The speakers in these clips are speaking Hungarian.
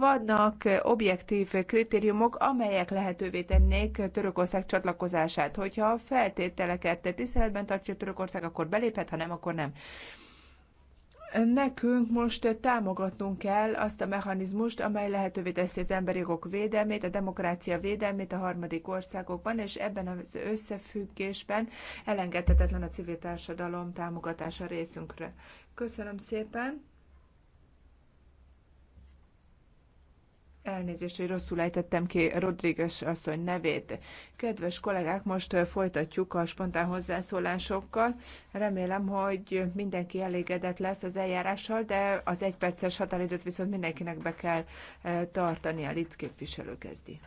vannak objektív kritériumok, amelyek lehetővé tennék Törökország csatlakozását. Hogyha a feltételeket tiszteletben tartja Törökország, akkor beléphet, ha nem, akkor nem. Nekünk most támogatnunk kell azt a mechanizmust, amely lehetővé teszi az emberi jogok védelmét, a demokrácia védelmét a harmadik országokban, és ebben az összefüggésben elengedhetetlen a civil társadalom támogatása részünkre. Köszönöm szépen! Elnézést, hogy rosszul ejtettem ki Rodríguez asszony nevét. Kedves kollégák, most folytatjuk a spontán hozzászólásokkal. Remélem, hogy mindenki elégedett lesz az eljárással, de az egyperces határidőt viszont mindenkinek be kell tartani. A Litz képviselő kezdi.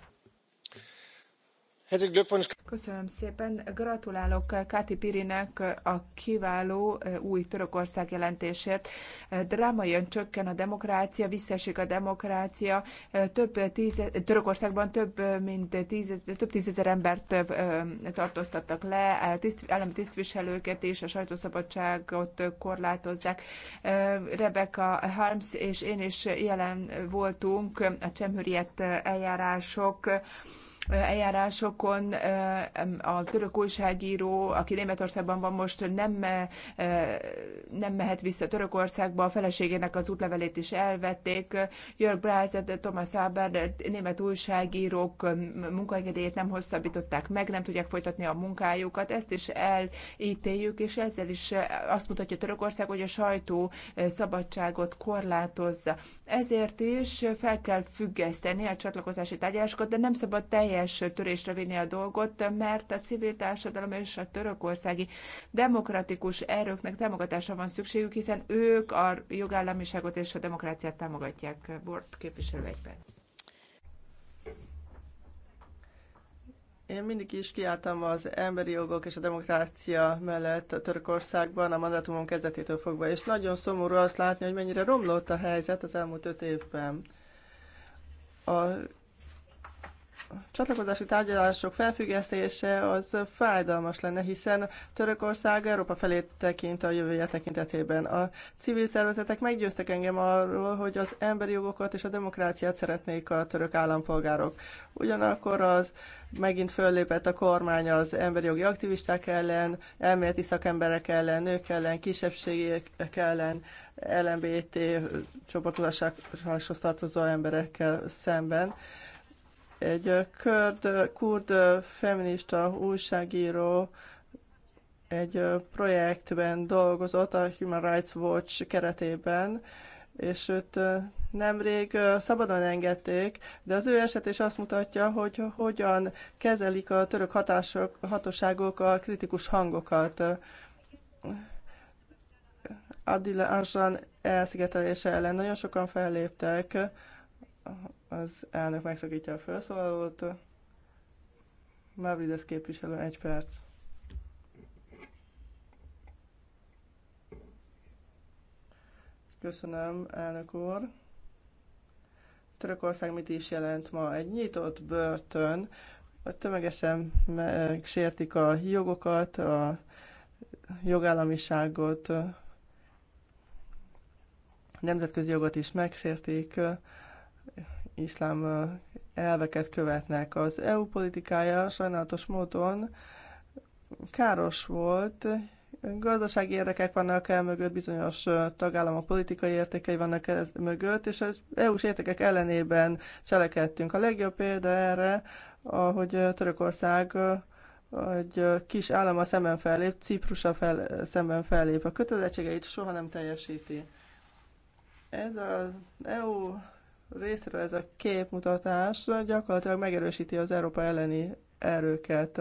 Köszönöm szépen. Gratulálok Káti Pirinek a kiváló eh, új Törökország jelentésért. Eh, drámaian csökken a demokrácia, visszaesik a demokrácia. Eh, több tíze, Törökországban több mint tízez, több tízezer embert tartóztattak le, tiszt, állami tisztviselőket és a sajtószabadságot korlátozzák. Rebecca Harms és én is jelen voltunk a csemhüriet eljárások eljárásokon a török újságíró, aki Németországban van most, nem, nem mehet vissza Törökországba, a feleségének az útlevelét is elvették. Jörg Brázet, Thomas Haber, német újságírók munkaengedélyét nem hosszabbították meg, nem tudják folytatni a munkájukat. Ezt is elítéljük, és ezzel is azt mutatja Törökország, hogy a sajtó szabadságot korlátozza. Ezért is fel kell függeszteni a csatlakozási tárgyalásokat, de nem szabad teljesen teljes törésre vinni a dolgot, mert a civil társadalom és a törökországi demokratikus erőknek támogatása van szükségük, hiszen ők a jogállamiságot és a demokráciát támogatják. Bort képviselő egy perc. Én mindig is kiálltam az emberi jogok és a demokrácia mellett a Törökországban a mandátumom kezdetétől fogva, és nagyon szomorú azt látni, hogy mennyire romlott a helyzet az elmúlt öt évben. A csatlakozási tárgyalások felfüggesztése az fájdalmas lenne, hiszen Törökország Európa felé tekint a jövője tekintetében. A civil szervezetek meggyőztek engem arról, hogy az emberi jogokat és a demokráciát szeretnék a török állampolgárok. Ugyanakkor az megint föllépett a kormány az emberi jogi aktivisták ellen, elméleti szakemberek ellen, nők ellen, kisebbségek ellen, LMBT csoportosuláshoz tartozó emberekkel szemben egy kurd, kurd feminista újságíró egy projektben dolgozott a Human Rights Watch keretében, és őt nemrég szabadon engedték, de az ő eset is azt mutatja, hogy hogyan kezelik a török hatások, hatóságok a kritikus hangokat. Abdullah Arslan elszigetelése ellen nagyon sokan felléptek, az elnök megszakítja a felszólalót. Mavrides képviselő, egy perc. Köszönöm, elnök úr. Törökország mit is jelent ma? Egy nyitott börtön, tömegesen sértik a jogokat, a jogállamiságot, nemzetközi jogot is megsértik, iszlám elveket követnek. Az EU politikája sajnálatos módon káros volt, gazdasági érdekek vannak el mögött, bizonyos tagállamok politikai értékei vannak el mögött, és az EU-s értékek ellenében cselekedtünk. A legjobb példa erre, ahogy Törökország egy kis állama szemben fellép, Ciprusa fel, szemben fellép. A kötelezettségeit soha nem teljesíti. Ez az EU részéről ez a képmutatás gyakorlatilag megerősíti az Európa elleni erőket.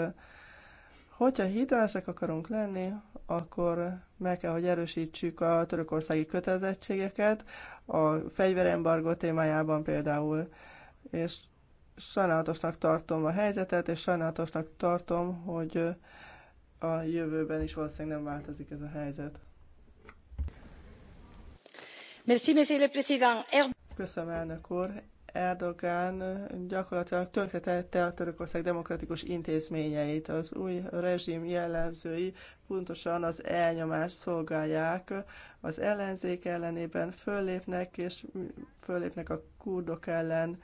Hogyha hitelesek akarunk lenni, akkor meg kell, hogy erősítsük a törökországi kötelezettségeket, a fegyverembargó témájában például. És sajnálatosnak tartom a helyzetet, és sajnálatosnak tartom, hogy a jövőben is valószínűleg nem változik ez a helyzet. Merci, monsieur le président. Köszönöm, elnök úr. Erdogán gyakorlatilag tönkretette a Törökország demokratikus intézményeit. Az új rezsim jellemzői pontosan az elnyomást szolgálják, az ellenzék ellenében föllépnek, és föllépnek a kurdok ellen.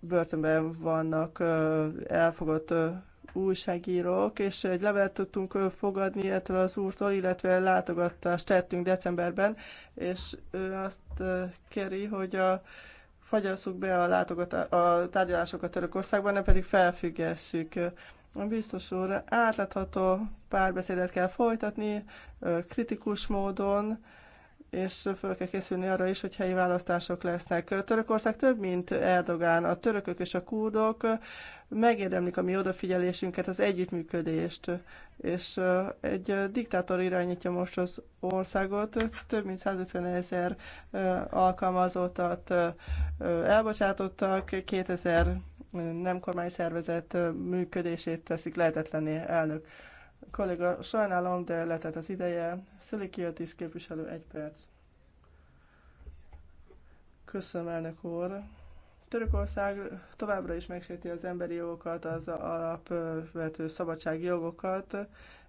Börtönben vannak elfogott újságírók, és egy levelet tudtunk fogadni ettől az úrtól, illetve látogatást tettünk decemberben, és ő azt kéri, hogy a fagyasszuk be a, látogat, a tárgyalásokat Törökországban, nem pedig felfüggessük. A biztos úr átlátható párbeszédet kell folytatni, kritikus módon, és föl kell készülni arra is, hogy helyi választások lesznek. Törökország több, mint Erdogán. A törökök és a kurdok megérdemlik a mi odafigyelésünket, az együttműködést. És egy diktátor irányítja most az országot, több mint 150 ezer alkalmazottat elbocsátottak, 2000 nem kormány szervezet működését teszik lehetetlené elnök. Kolléga, sajnálom, de letett az ideje. Szilikiotis képviselő, egy perc. Köszönöm, elnök úr. Törökország továbbra is megsérti az emberi jogokat, az alapvető szabadsági jogokat,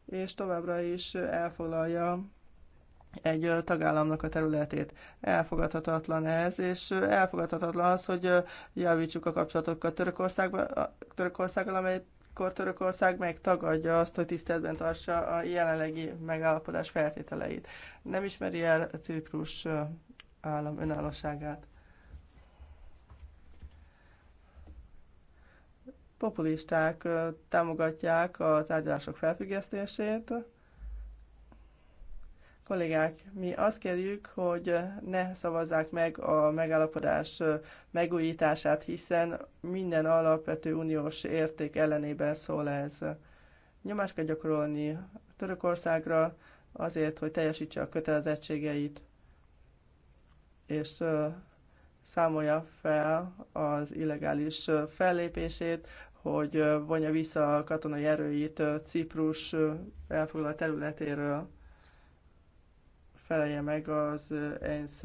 és továbbra is elfoglalja egy tagállamnak a területét. Elfogadhatatlan ez, és elfogadhatatlan az, hogy javítsuk a kapcsolatokat Törökországgal, amely amikor Törökország meg tagadja azt, hogy tiszteletben tartsa a jelenlegi megállapodás feltételeit. Nem ismeri el Ciprus állam önállóságát. Populisták támogatják a tárgyalások felfüggesztését, Kollégák, mi azt kérjük, hogy ne szavazzák meg a megállapodás megújítását, hiszen minden alapvető uniós érték ellenében szól ez. Nyomást kell gyakorolni Törökországra azért, hogy teljesítse a kötelezettségeit, és számolja fel az illegális fellépését, hogy vonja vissza a katonai erőit Ciprus elfoglalt területéről felelje meg az ENSZ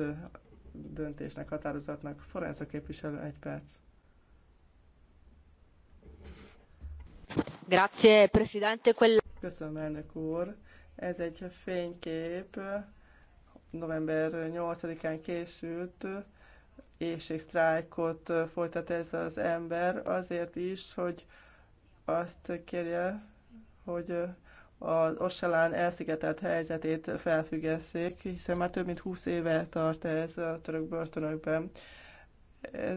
döntésnek, határozatnak. Forenza képviselő, egy perc. Grazie, Presidente. quel. Köszönöm, elnök úr. Ez egy fénykép, november 8-án készült, éjségsztrájkot folytat ez az ember azért is, hogy azt kérje, hogy az Oselán elszigetelt helyzetét felfüggesszék, hiszen már több mint 20 éve tart ez a török börtönökben. Ez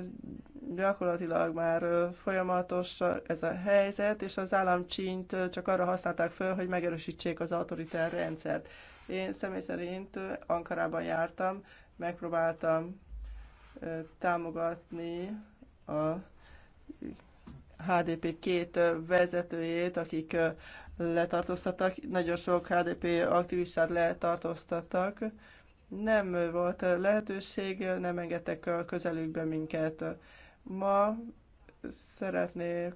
gyakorlatilag már folyamatos ez a helyzet, és az államcsínyt csak arra használták föl, hogy megerősítsék az autoritár rendszert. Én személy szerint Ankarában jártam, megpróbáltam támogatni a HDP két vezetőjét, akik letartóztattak, nagyon sok HDP aktivistát letartóztattak. Nem volt lehetőség, nem engedtek a közelükbe minket. Ma szeretnék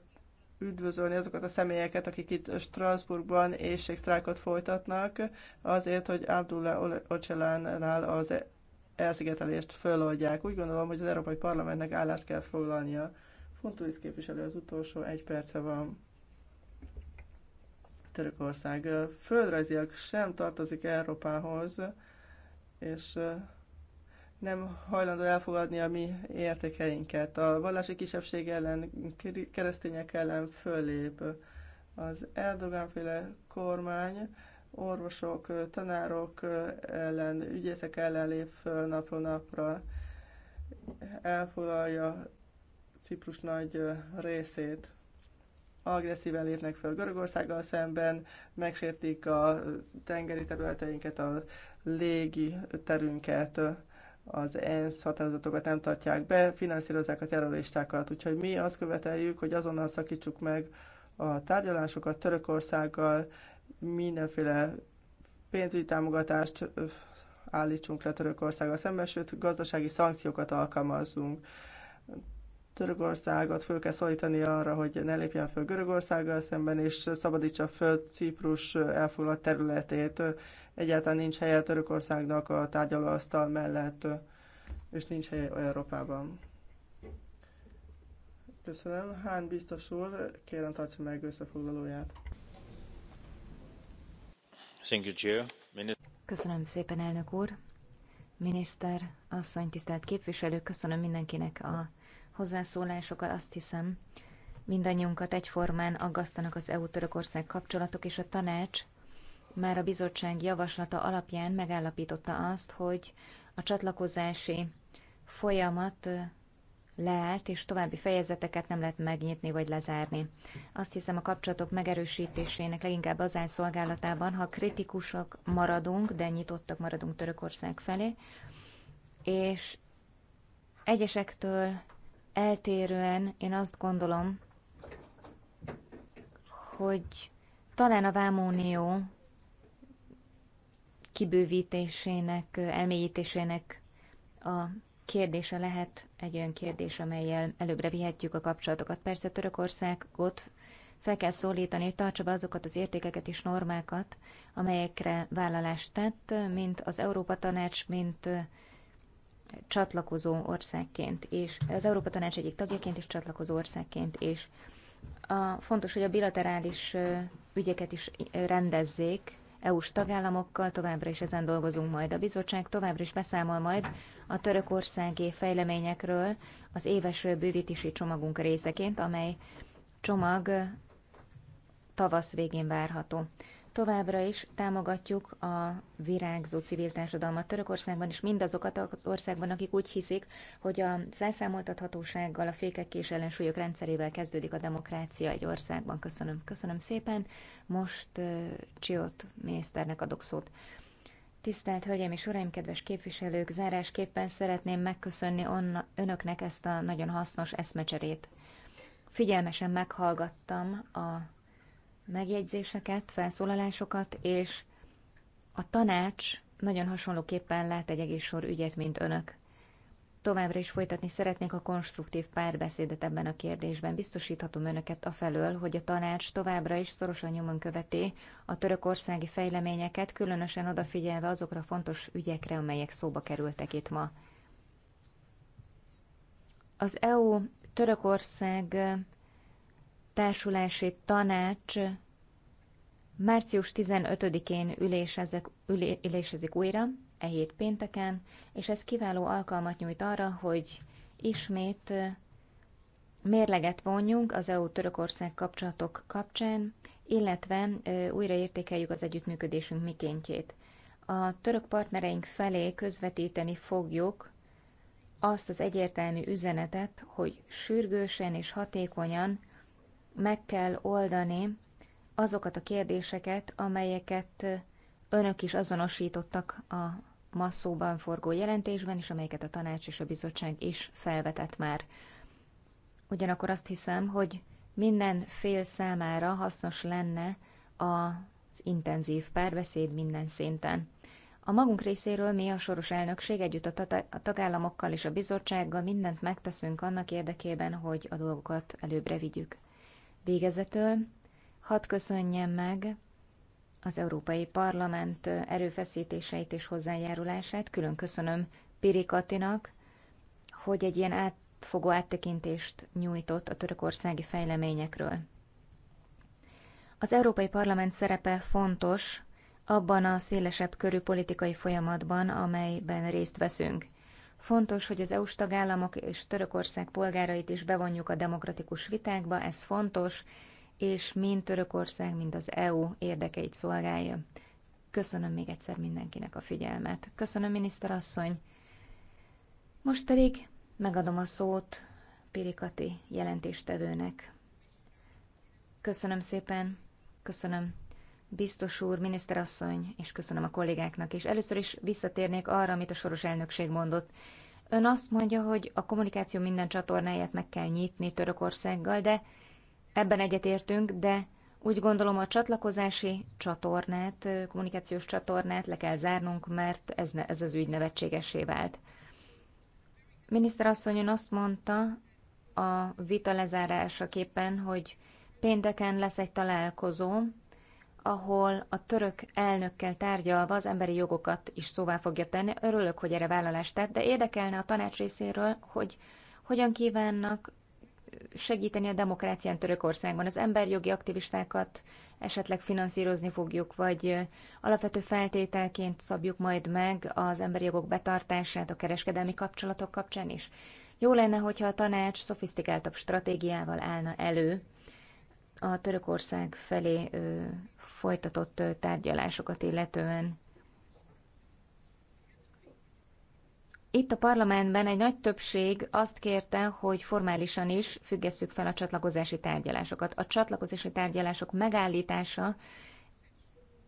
üdvözölni azokat a személyeket, akik itt Strasbourgban éjségsztrájkot folytatnak, azért, hogy Abdullah Öcalánál az elszigetelést föloldják. Úgy gondolom, hogy az Európai Parlamentnek állást kell foglalnia. Fontos képviselő az utolsó, egy perce van. Törökország. Földrajzilag sem tartozik Európához, és nem hajlandó elfogadni a mi értékeinket. A vallási kisebbség ellen, keresztények ellen fölép Az Erdogánféle kormány orvosok, tanárok ellen, ügyészek ellen lép föl napról napra, elfoglalja Ciprus nagy részét agresszíven lépnek fel Görögországgal szemben, megsértik a tengeri területeinket, a légi terünket, az ENSZ határozatokat nem tartják be, finanszírozzák a terroristákat. Úgyhogy mi azt követeljük, hogy azonnal szakítsuk meg a tárgyalásokat Törökországgal, mindenféle pénzügyi támogatást állítsunk le Törökországgal szemben, sőt gazdasági szankciókat alkalmazzunk. Törökországot föl kell szólítani arra, hogy ne lépjen föl Görögországgal szemben, és szabadítsa föl Ciprus elfoglalt területét. Egyáltalán nincs helye Törökországnak a tárgyalóasztal mellett, és nincs helye Európában. Köszönöm. Hán biztos úr, kérem tartsa meg összefoglalóját. Köszönöm szépen, elnök úr. Miniszter, asszony, tisztelt képviselő, köszönöm mindenkinek a hozzászólásokat, azt hiszem, mindannyiunkat egyformán aggasztanak az EU-Törökország kapcsolatok, és a tanács már a bizottság javaslata alapján megállapította azt, hogy a csatlakozási folyamat leállt, és további fejezeteket nem lehet megnyitni vagy lezárni. Azt hiszem a kapcsolatok megerősítésének leginkább az áll szolgálatában, ha kritikusok maradunk, de nyitottak maradunk Törökország felé, és egyesektől eltérően én azt gondolom, hogy talán a vámónió kibővítésének, elmélyítésének a kérdése lehet egy olyan kérdés, amelyel előbbre vihetjük a kapcsolatokat. Persze Törökországot fel kell szólítani, hogy tartsa be azokat az értékeket és normákat, amelyekre vállalást tett, mint az Európa Tanács, mint csatlakozó országként és az Európa Tanács egyik tagjaként és csatlakozó országként és A, fontos, hogy a bilaterális ügyeket is rendezzék EU-s tagállamokkal, továbbra is ezen dolgozunk majd. A bizottság továbbra is beszámol majd a törökországi fejleményekről az éves bővítési csomagunk részeként, amely csomag tavasz végén várható. Továbbra is támogatjuk a virágzó civil társadalmat Törökországban, és mindazokat az országban, akik úgy hiszik, hogy a elszámoltathatósággal, a fékek és ellensúlyok rendszerével kezdődik a demokrácia egy országban. Köszönöm. Köszönöm szépen. Most uh, Csiot miniszternek adok szót. Tisztelt Hölgyeim és Uraim, kedves képviselők, zárásképpen szeretném megköszönni onna, önöknek ezt a nagyon hasznos eszmecserét. Figyelmesen meghallgattam a megjegyzéseket, felszólalásokat, és a tanács nagyon hasonlóképpen lát egy egész sor ügyet, mint önök. Továbbra is folytatni szeretnék a konstruktív párbeszédet ebben a kérdésben. Biztosíthatom önöket felől, hogy a tanács továbbra is szorosan nyomon követi a törökországi fejleményeket, különösen odafigyelve azokra a fontos ügyekre, amelyek szóba kerültek itt ma. Az EU Törökország társulási tanács március 15-én ülésezik, ülésezik újra, e hét pénteken, és ez kiváló alkalmat nyújt arra, hogy ismét mérleget vonjunk az EU-Törökország kapcsolatok kapcsán, illetve újraértékeljük az együttműködésünk mikéntjét. A török partnereink felé közvetíteni fogjuk azt az egyértelmű üzenetet, hogy sürgősen és hatékonyan meg kell oldani azokat a kérdéseket, amelyeket önök is azonosítottak a ma szóban forgó jelentésben, és amelyeket a tanács és a bizottság is felvetett már. Ugyanakkor azt hiszem, hogy minden fél számára hasznos lenne az intenzív párbeszéd minden szinten. A magunk részéről mi a soros elnökség együtt a tagállamokkal és a bizottsággal mindent megteszünk annak érdekében, hogy a dolgokat előbbre vigyük. Végezetül hadd köszönjem meg az Európai Parlament erőfeszítéseit és hozzájárulását. Külön köszönöm Piri Katinak, hogy egy ilyen átfogó áttekintést nyújtott a törökországi fejleményekről. Az Európai Parlament szerepe fontos abban a szélesebb körű politikai folyamatban, amelyben részt veszünk. Fontos, hogy az EU-s tagállamok és Törökország polgárait is bevonjuk a demokratikus vitákba, ez fontos, és mind Törökország, mind az EU érdekeit szolgálja. Köszönöm még egyszer mindenkinek a figyelmet. Köszönöm, miniszterasszony. Most pedig megadom a szót Pirikati jelentéstevőnek. Köszönöm szépen, köszönöm biztos úr, miniszterasszony, és köszönöm a kollégáknak is. Először is visszatérnék arra, amit a soros elnökség mondott. Ön azt mondja, hogy a kommunikáció minden csatornáját meg kell nyitni Törökországgal, de ebben egyetértünk, de úgy gondolom a csatlakozási csatornát, kommunikációs csatornát le kell zárnunk, mert ez, ne, ez az ügy nevetségesé vált. Miniszterasszony ön azt mondta a vita lezárásaképpen, hogy pénteken lesz egy találkozó ahol a török elnökkel tárgyalva az emberi jogokat is szóvá fogja tenni. Örülök, hogy erre vállalást tett, de érdekelne a tanács részéről, hogy hogyan kívánnak segíteni a demokrácián Törökországban. Az emberjogi aktivistákat esetleg finanszírozni fogjuk, vagy alapvető feltételként szabjuk majd meg az emberi jogok betartását a kereskedelmi kapcsolatok kapcsán is. Jó lenne, hogyha a tanács szofisztikáltabb stratégiával állna elő a Törökország felé folytatott tárgyalásokat illetően. Itt a parlamentben egy nagy többség azt kérte, hogy formálisan is függesszük fel a csatlakozási tárgyalásokat. A csatlakozási tárgyalások megállítása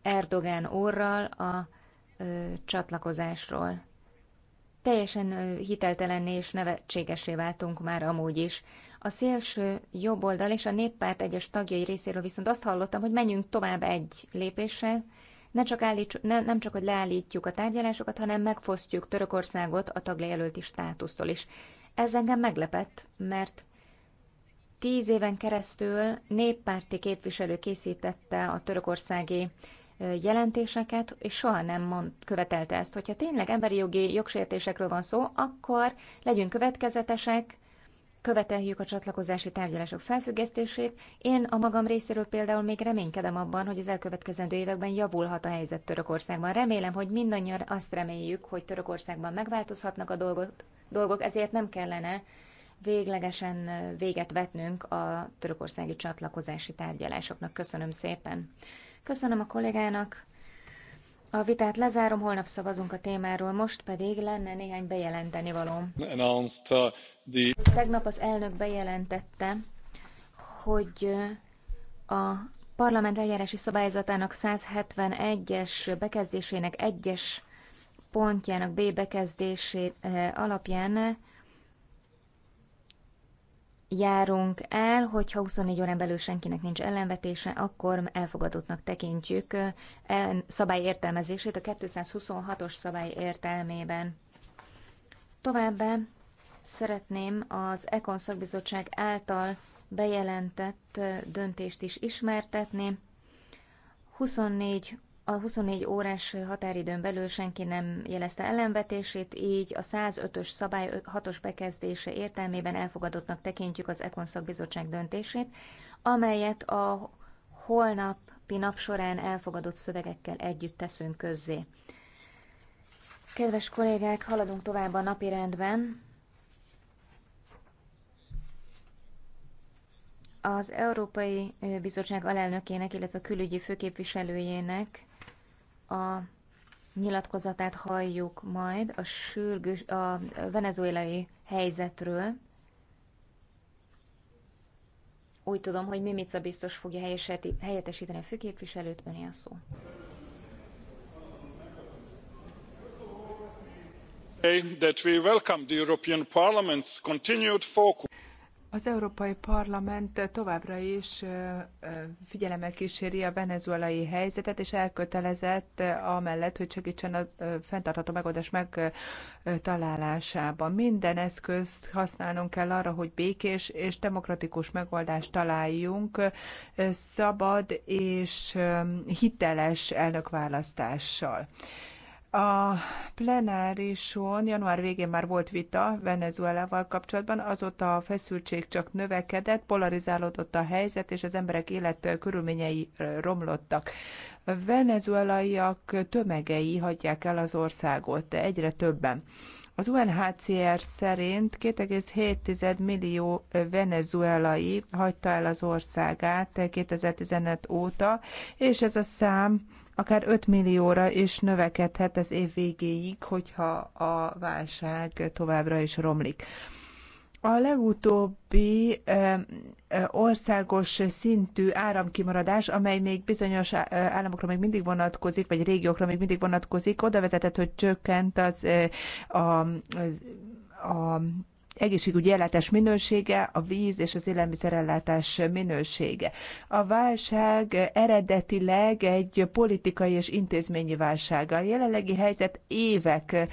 Erdogán orral a ö, csatlakozásról. Teljesen ö, hiteltelenné és nevetségesé váltunk már amúgy is. A szélső jobboldal és a néppárt egyes tagjai részéről viszont azt hallottam, hogy menjünk tovább egy lépéssel, ne csak állíts, ne, nem csak, hogy leállítjuk a tárgyalásokat, hanem megfosztjuk Törökországot a tagjelölti státusztól is. Ez engem meglepett, mert tíz éven keresztül néppárti képviselő készítette a törökországi jelentéseket, és soha nem mond, követelte ezt. Hogyha tényleg emberi jogi jogsértésekről van szó, akkor legyünk következetesek, követeljük a csatlakozási tárgyalások felfüggesztését. Én a magam részéről például még reménykedem abban, hogy az elkövetkezendő években javulhat a helyzet Törökországban. Remélem, hogy mindannyian azt reméljük, hogy Törökországban megváltozhatnak a dolgok, ezért nem kellene véglegesen véget vetnünk a törökországi csatlakozási tárgyalásoknak. Köszönöm szépen. Köszönöm a kollégának. A vitát lezárom, holnap szavazunk a témáról, most pedig lenne néhány bejelenteni valóm. Tegnap az elnök bejelentette, hogy a parlament eljárási szabályzatának 171-es bekezdésének egyes pontjának B bekezdésé alapján járunk el, hogyha 24 órán belül senkinek nincs ellenvetése, akkor elfogadottnak tekintjük e szabály értelmezését a 226-os szabály értelmében. Továbbá Szeretném az Ekon szakbizottság által bejelentett döntést is ismertetni. 24 a 24 órás határidőn belül senki nem jelezte ellenvetését, így a 105-ös szabály 6-os bekezdése értelmében elfogadottnak tekintjük az Ekon szakbizottság döntését, amelyet a holnapi nap során elfogadott szövegekkel együtt teszünk közzé. Kedves kollégák, haladunk tovább a napirendben. Az Európai Bizottság alelnökének, illetve külügyi főképviselőjének a nyilatkozatát halljuk majd a, sürgős, a venezuelai helyzetről. Úgy tudom, hogy Mimica biztos fogja helyettesíteni a főképviselőt, öné a szó. that we welcome the european parliament's continued focus. Az Európai Parlament továbbra is figyelemmel kíséri a venezuelai helyzetet, és elkötelezett amellett, hogy segítsen a fenntartható megoldás megtalálásában. Minden eszközt használnunk kell arra, hogy békés és demokratikus megoldást találjunk, szabad és hiteles elnökválasztással. A plenárison január végén már volt vita Venezuelával kapcsolatban, azóta a feszültség csak növekedett, polarizálódott a helyzet, és az emberek élet körülményei romlottak. A venezuelaiak tömegei hagyják el az országot, egyre többen. Az UNHCR szerint 2,7 millió venezuelai hagyta el az országát 2015 óta, és ez a szám akár 5 millióra is növekedhet az év végéig, hogyha a válság továbbra is romlik. A legutóbbi országos szintű áramkimaradás, amely még bizonyos államokra még mindig vonatkozik, vagy régiókra még mindig vonatkozik, oda vezetett, hogy csökkent az, a, az a egészségügyi ellátás minősége, a víz és az élelmiszerellátás minősége. A válság eredetileg egy politikai és intézményi válsága. A jelenlegi helyzet évek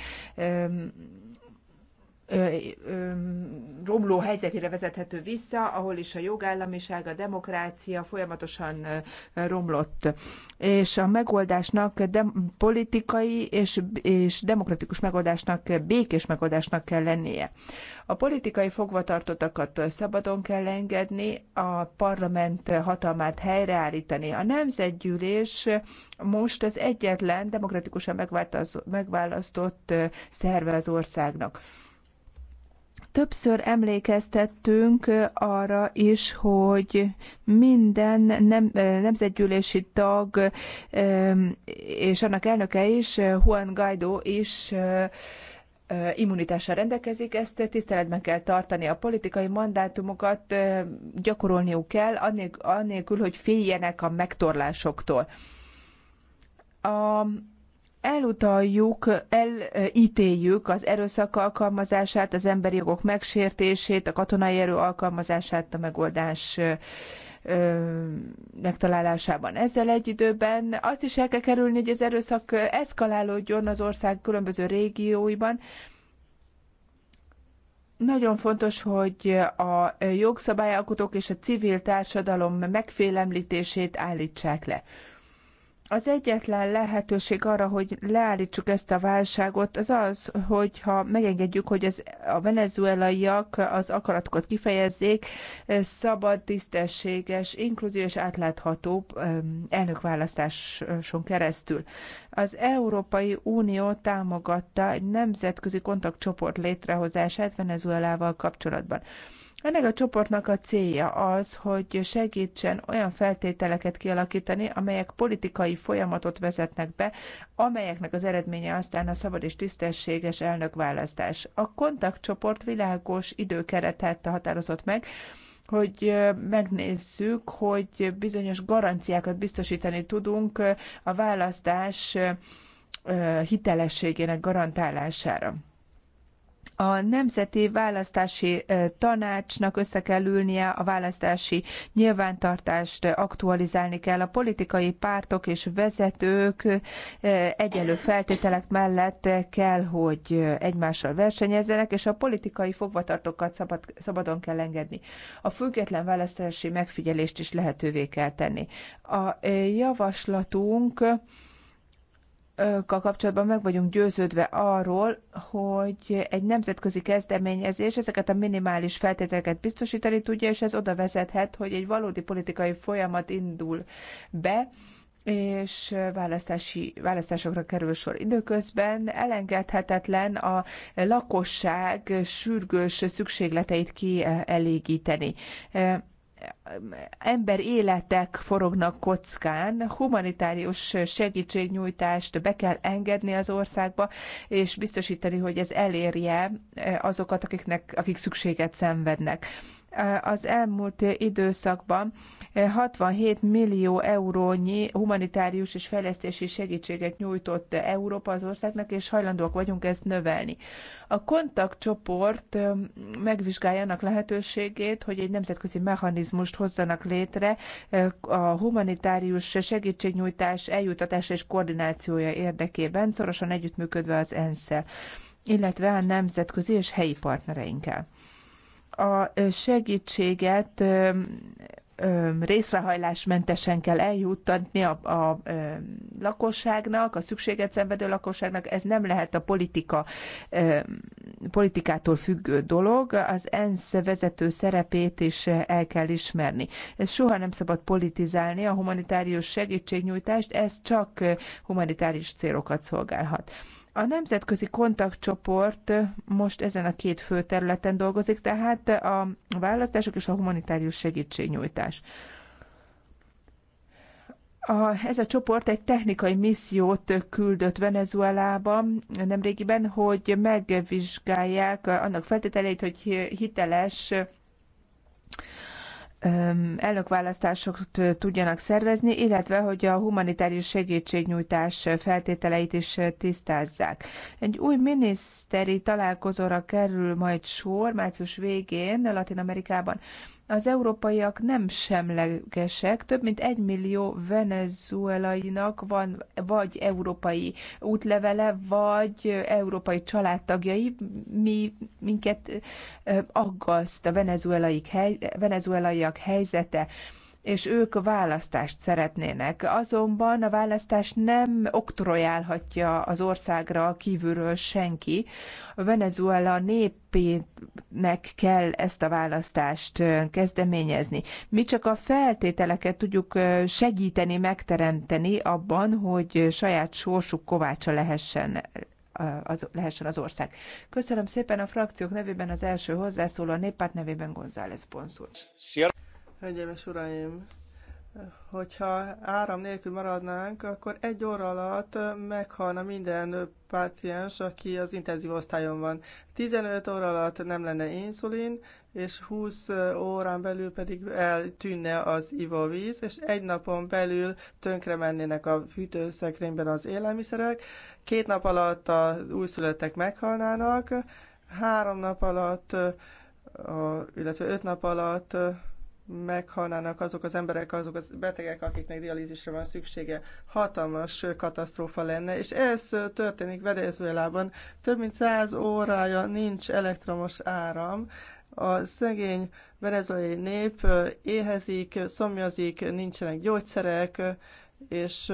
romló helyzetére vezethető vissza, ahol is a jogállamiság, a demokrácia folyamatosan romlott. És a megoldásnak de, politikai és, és demokratikus megoldásnak, békés megoldásnak kell lennie. A politikai fogvatartottakat szabadon kell engedni, a parlament hatalmát helyreállítani. A nemzetgyűlés most az egyetlen demokratikusan megválasztott szerve az országnak Többször emlékeztettünk arra is, hogy minden nem, nemzetgyűlési tag és annak elnöke is, Juan Guaido is immunitással rendelkezik, ezt tiszteletben kell tartani. A politikai mandátumokat gyakorolniuk kell, annélkül, hogy féljenek a megtorlásoktól. A elutaljuk, elítéljük az erőszak alkalmazását, az emberi jogok megsértését, a katonai erő alkalmazását a megoldás megtalálásában. Ezzel egy időben azt is el kell kerülni, hogy az erőszak eszkalálódjon az ország különböző régióiban, nagyon fontos, hogy a jogszabályalkotók és a civil társadalom megfélemlítését állítsák le. Az egyetlen lehetőség arra, hogy leállítsuk ezt a válságot, az az, hogyha megengedjük, hogy az, a venezuelaiak az akaratukat kifejezzék, szabad, tisztességes, inkluzív és átlátható elnökválasztáson keresztül. Az Európai Unió támogatta egy nemzetközi kontaktcsoport létrehozását Venezuelával kapcsolatban. Ennek a csoportnak a célja az, hogy segítsen olyan feltételeket kialakítani, amelyek politikai folyamatot vezetnek be, amelyeknek az eredménye aztán a szabad és tisztességes elnökválasztás. A kontaktcsoport világos időkeretet határozott meg, hogy megnézzük, hogy bizonyos garanciákat biztosítani tudunk a választás hitelességének garantálására. A Nemzeti Választási Tanácsnak össze kell ülnie, a választási nyilvántartást aktualizálni kell. A politikai pártok és vezetők egyenlő feltételek mellett kell, hogy egymással versenyezzenek, és a politikai fogvatartókat szabad, szabadon kell engedni. A független választási megfigyelést is lehetővé kell tenni. A javaslatunk kapcsolatban meg vagyunk győződve arról, hogy egy nemzetközi kezdeményezés ezeket a minimális feltételeket biztosítani tudja, és ez oda vezethet, hogy egy valódi politikai folyamat indul be, és választási, választásokra kerül sor. Időközben elengedhetetlen a lakosság sürgős szükségleteit kielégíteni ember életek forognak kockán, humanitárius segítségnyújtást be kell engedni az országba, és biztosítani, hogy ez elérje azokat, akiknek, akik szükséget szenvednek az elmúlt időszakban 67 millió eurónyi humanitárius és fejlesztési segítséget nyújtott Európa az országnak, és hajlandóak vagyunk ezt növelni. A kontaktcsoport megvizsgáljanak lehetőségét, hogy egy nemzetközi mechanizmust hozzanak létre a humanitárius segítségnyújtás, eljutatása és koordinációja érdekében, szorosan együttműködve az ENSZ-szel illetve a nemzetközi és helyi partnereinkkel a segítséget részrehajlásmentesen kell eljuttatni a, a lakosságnak, a szükséget szenvedő lakosságnak. Ez nem lehet a politika, politikától függő dolog. Az ENSZ vezető szerepét is el kell ismerni. Ez soha nem szabad politizálni a humanitárius segítségnyújtást, ez csak humanitárius célokat szolgálhat. A nemzetközi kontaktcsoport most ezen a két fő területen dolgozik, tehát a választások és a humanitárius segítségnyújtás. A, ez a csoport egy technikai missziót küldött Venezuelába nemrégiben, hogy megvizsgálják annak feltételeit, hogy hiteles elnökválasztásokat tudjanak szervezni, illetve hogy a humanitárius segítségnyújtás feltételeit is tisztázzák. Egy új miniszteri találkozóra kerül majd sor március végén Latin Amerikában az európaiak nem semlegesek, több mint egy millió venezuelainak van vagy európai útlevele, vagy európai családtagjai. Mi minket aggaszt a venezuelaiak helyzete és ők választást szeretnének. Azonban a választás nem oktrojálhatja az országra kívülről senki. A Venezuela népének kell ezt a választást kezdeményezni. Mi csak a feltételeket tudjuk segíteni, megteremteni abban, hogy saját sorsuk kovácsa lehessen az, lehessen az ország. Köszönöm szépen a frakciók nevében az első hozzászóló a néppárt nevében González Ponszúr. Hölgyeim és Uraim! Hogyha áram nélkül maradnánk, akkor egy óra alatt meghalna minden páciens, aki az intenzív osztályon van. 15 óra alatt nem lenne inszulin, és 20 órán belül pedig eltűnne az ivóvíz, és egy napon belül tönkre mennének a hűtőszekrényben az élelmiszerek, két nap alatt a újszülöttek meghalnának, három nap alatt, illetve öt nap alatt meghalnának azok az emberek, azok az betegek, akiknek dialízisre van szüksége, hatalmas katasztrófa lenne, és ez történik Venezuelában. Több mint száz órája nincs elektromos áram, a szegény venezuelai nép éhezik, szomjazik, nincsenek gyógyszerek, és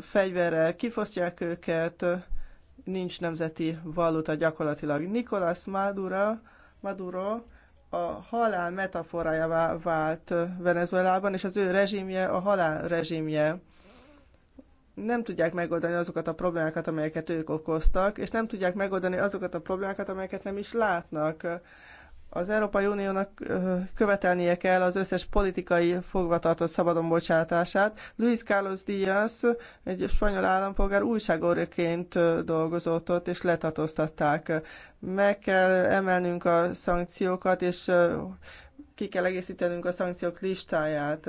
fegyverrel kifosztják őket, nincs nemzeti valuta gyakorlatilag. Nicolás Maduro, Maduro a halál metaforájává vált Venezuelában, és az ő rezsimje a halál rezsimje. Nem tudják megoldani azokat a problémákat, amelyeket ők okoztak, és nem tudják megoldani azokat a problémákat, amelyeket nem is látnak az Európai Uniónak követelnie kell az összes politikai fogvatartott szabadon bocsátását. Luis Carlos Díaz, egy spanyol állampolgár újságorőként dolgozott ott, és letartóztatták. Meg kell emelnünk a szankciókat, és ki kell egészítenünk a szankciók listáját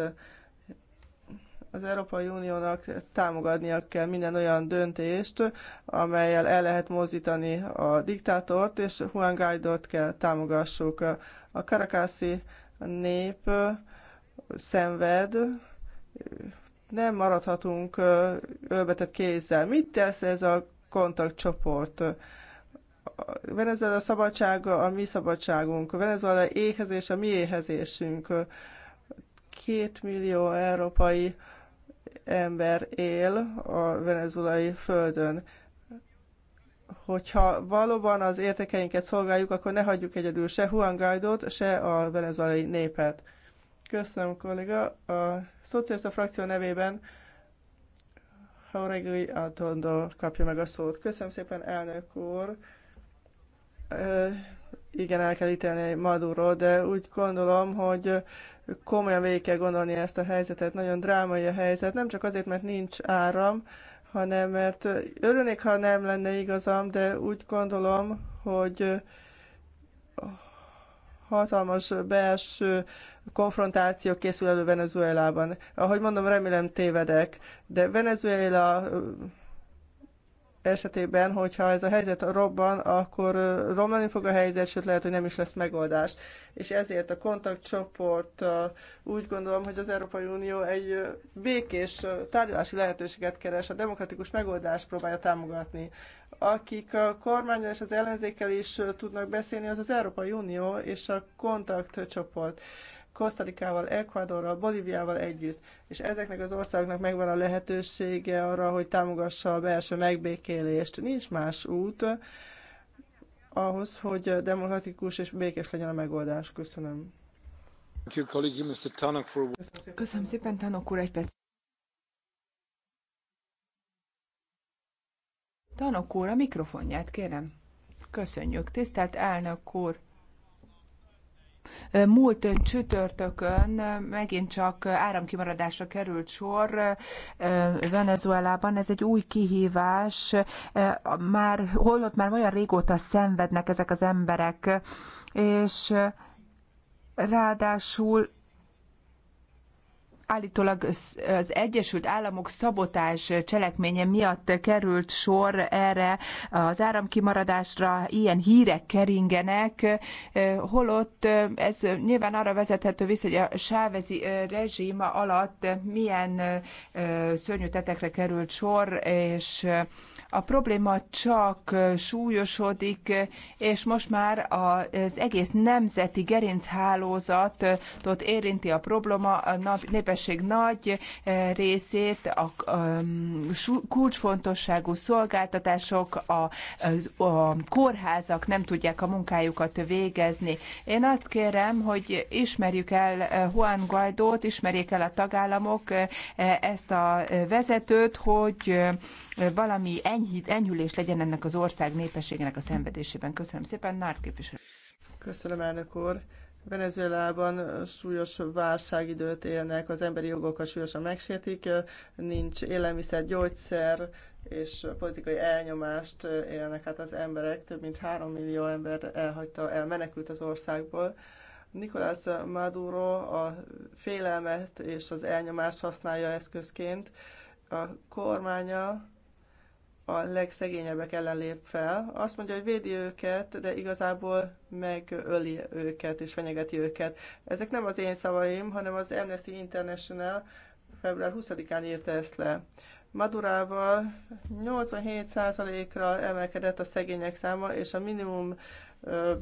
az Európai Uniónak támogatnia kell minden olyan döntést, amelyel el lehet mozdítani a diktátort, és Juan Guaidót kell támogassuk. A karakászi nép szenved, nem maradhatunk ölbetett kézzel. Mit tesz ez a kontaktcsoport? Venezuela szabadsága a mi szabadságunk, Venezuela éhezés a mi éhezésünk. Két millió európai ember él a venezuelai földön. Hogyha valóban az értékeinket szolgáljuk, akkor ne hagyjuk egyedül se Juan Guaidót, se a venezuelai népet. Köszönöm, kolléga. A szocialista frakció nevében Hauregui Antondo kapja meg a szót. Köszönöm szépen, elnök úr. Ö, igen, el kell ítélni Maduro, de úgy gondolom, hogy komolyan végig kell gondolni ezt a helyzetet. Nagyon drámai a helyzet, nem csak azért, mert nincs áram, hanem mert örülnék, ha nem lenne igazam, de úgy gondolom, hogy hatalmas belső konfrontáció készül elő Venezuelában. Ahogy mondom, remélem tévedek, de Venezuela esetében, hogyha ez a helyzet robban, akkor romlani fog a helyzet, sőt lehet, hogy nem is lesz megoldás. És ezért a kontaktcsoport úgy gondolom, hogy az Európai Unió egy békés tárgyalási lehetőséget keres, a demokratikus megoldást próbálja támogatni. Akik a kormányon és az ellenzékkel is tudnak beszélni, az az Európai Unió és a kontaktcsoport. Kosztarikával, Ecuadorral, Bolíviával együtt. És ezeknek az országnak megvan a lehetősége arra, hogy támogassa a belső megbékélést. Nincs más út ahhoz, hogy demokratikus és békés legyen a megoldás. Köszönöm. Köszönöm szépen, Tanok úr, egy perc. Tanok úr, a mikrofonját kérem. Köszönjük. Tisztelt elnök úr! Múlt csütörtökön megint csak áramkimaradásra került sor Venezuelában. Ez egy új kihívás. Már holott már olyan régóta szenvednek ezek az emberek, és ráadásul állítólag az Egyesült Államok szabotás cselekménye miatt került sor erre az áramkimaradásra, ilyen hírek keringenek, holott ez nyilván arra vezethető vissza, hogy a sávezi rezsima alatt milyen szörnyű tetekre került sor, és a probléma csak súlyosodik, és most már az egész nemzeti gerinchálózatot érinti a probléma, a népesség nagy részét, a um, kulcsfontosságú szolgáltatások, a, kórházak nem tudják a munkájukat végezni. Én azt kérem, hogy ismerjük el Juan Guaidót, ismerjék el a tagállamok eh, ezt a vezetőt, hogy valami enyhít, enyhülés legyen ennek az ország népességének a szenvedésében. Köszönöm szépen, Nárt képviselő. Köszönöm, elnök úr. Venezuelában súlyos válságidőt élnek, az emberi jogokat súlyosan megsértik, nincs élelmiszer, gyógyszer, és politikai elnyomást élnek hát az emberek. Több mint három millió ember elhagyta, elmenekült az országból. Nicolás Maduro a félelmet és az elnyomást használja eszközként. A kormánya a legszegényebbek ellen lép fel. Azt mondja, hogy védi őket, de igazából megöli őket és fenyegeti őket. Ezek nem az én szavaim, hanem az Amnesty International február 20-án írta ezt le. Madurával 87%-ra emelkedett a szegények száma, és a minimum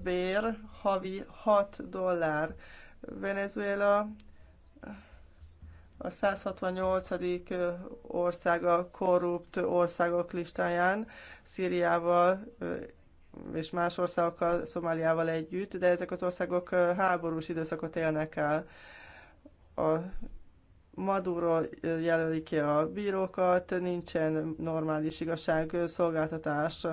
bér havi 6 dollár. Venezuela a 168. ország a korrupt országok listáján, Szíriával és más országokkal, Szomáliával együtt, de ezek az országok háborús időszakot élnek el. A Maduro jelöli ki a bírókat, nincsen normális igazságszolgáltatás,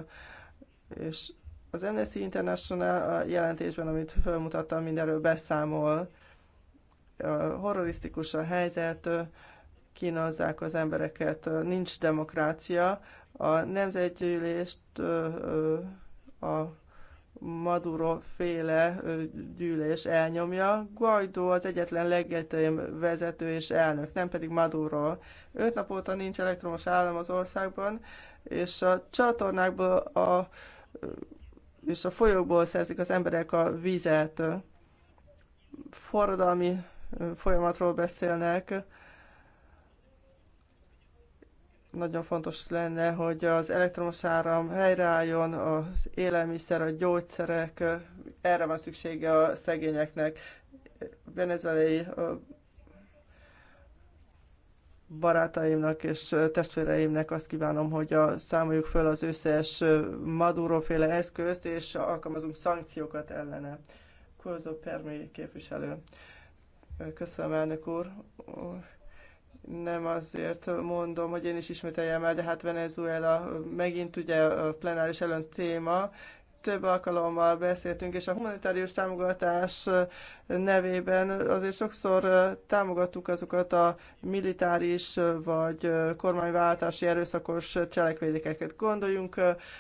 és az Amnesty International a jelentésben, amit felmutattam, mindenről beszámol horrorisztikus a helyzet, kínozzák az embereket, nincs demokrácia. A nemzetgyűlést a Maduro féle gyűlés elnyomja. Guaidó az egyetlen legitim vezető és elnök, nem pedig Maduro. Öt nap óta nincs elektromos állam az országban, és a csatornákból a, és a folyókból szerzik az emberek a vizet. Forradalmi folyamatról beszélnek. Nagyon fontos lenne, hogy az elektromos áram helyreálljon, az élelmiszer, a gyógyszerek, erre van szüksége a szegényeknek. Venezuelai barátaimnak és testvéreimnek azt kívánom, hogy a, számoljuk föl az összes Maduro féle eszközt, és alkalmazunk szankciókat ellene. Kurzó Permi képviselő. Köszönöm, elnök úr. Nem azért mondom, hogy én is ismételjem el, de hát Venezuela megint ugye a plenáris előn téma, több alkalommal beszéltünk, és a humanitárius támogatás nevében azért sokszor támogattuk azokat a militáris vagy kormányváltási erőszakos cselekvédeket. Gondoljunk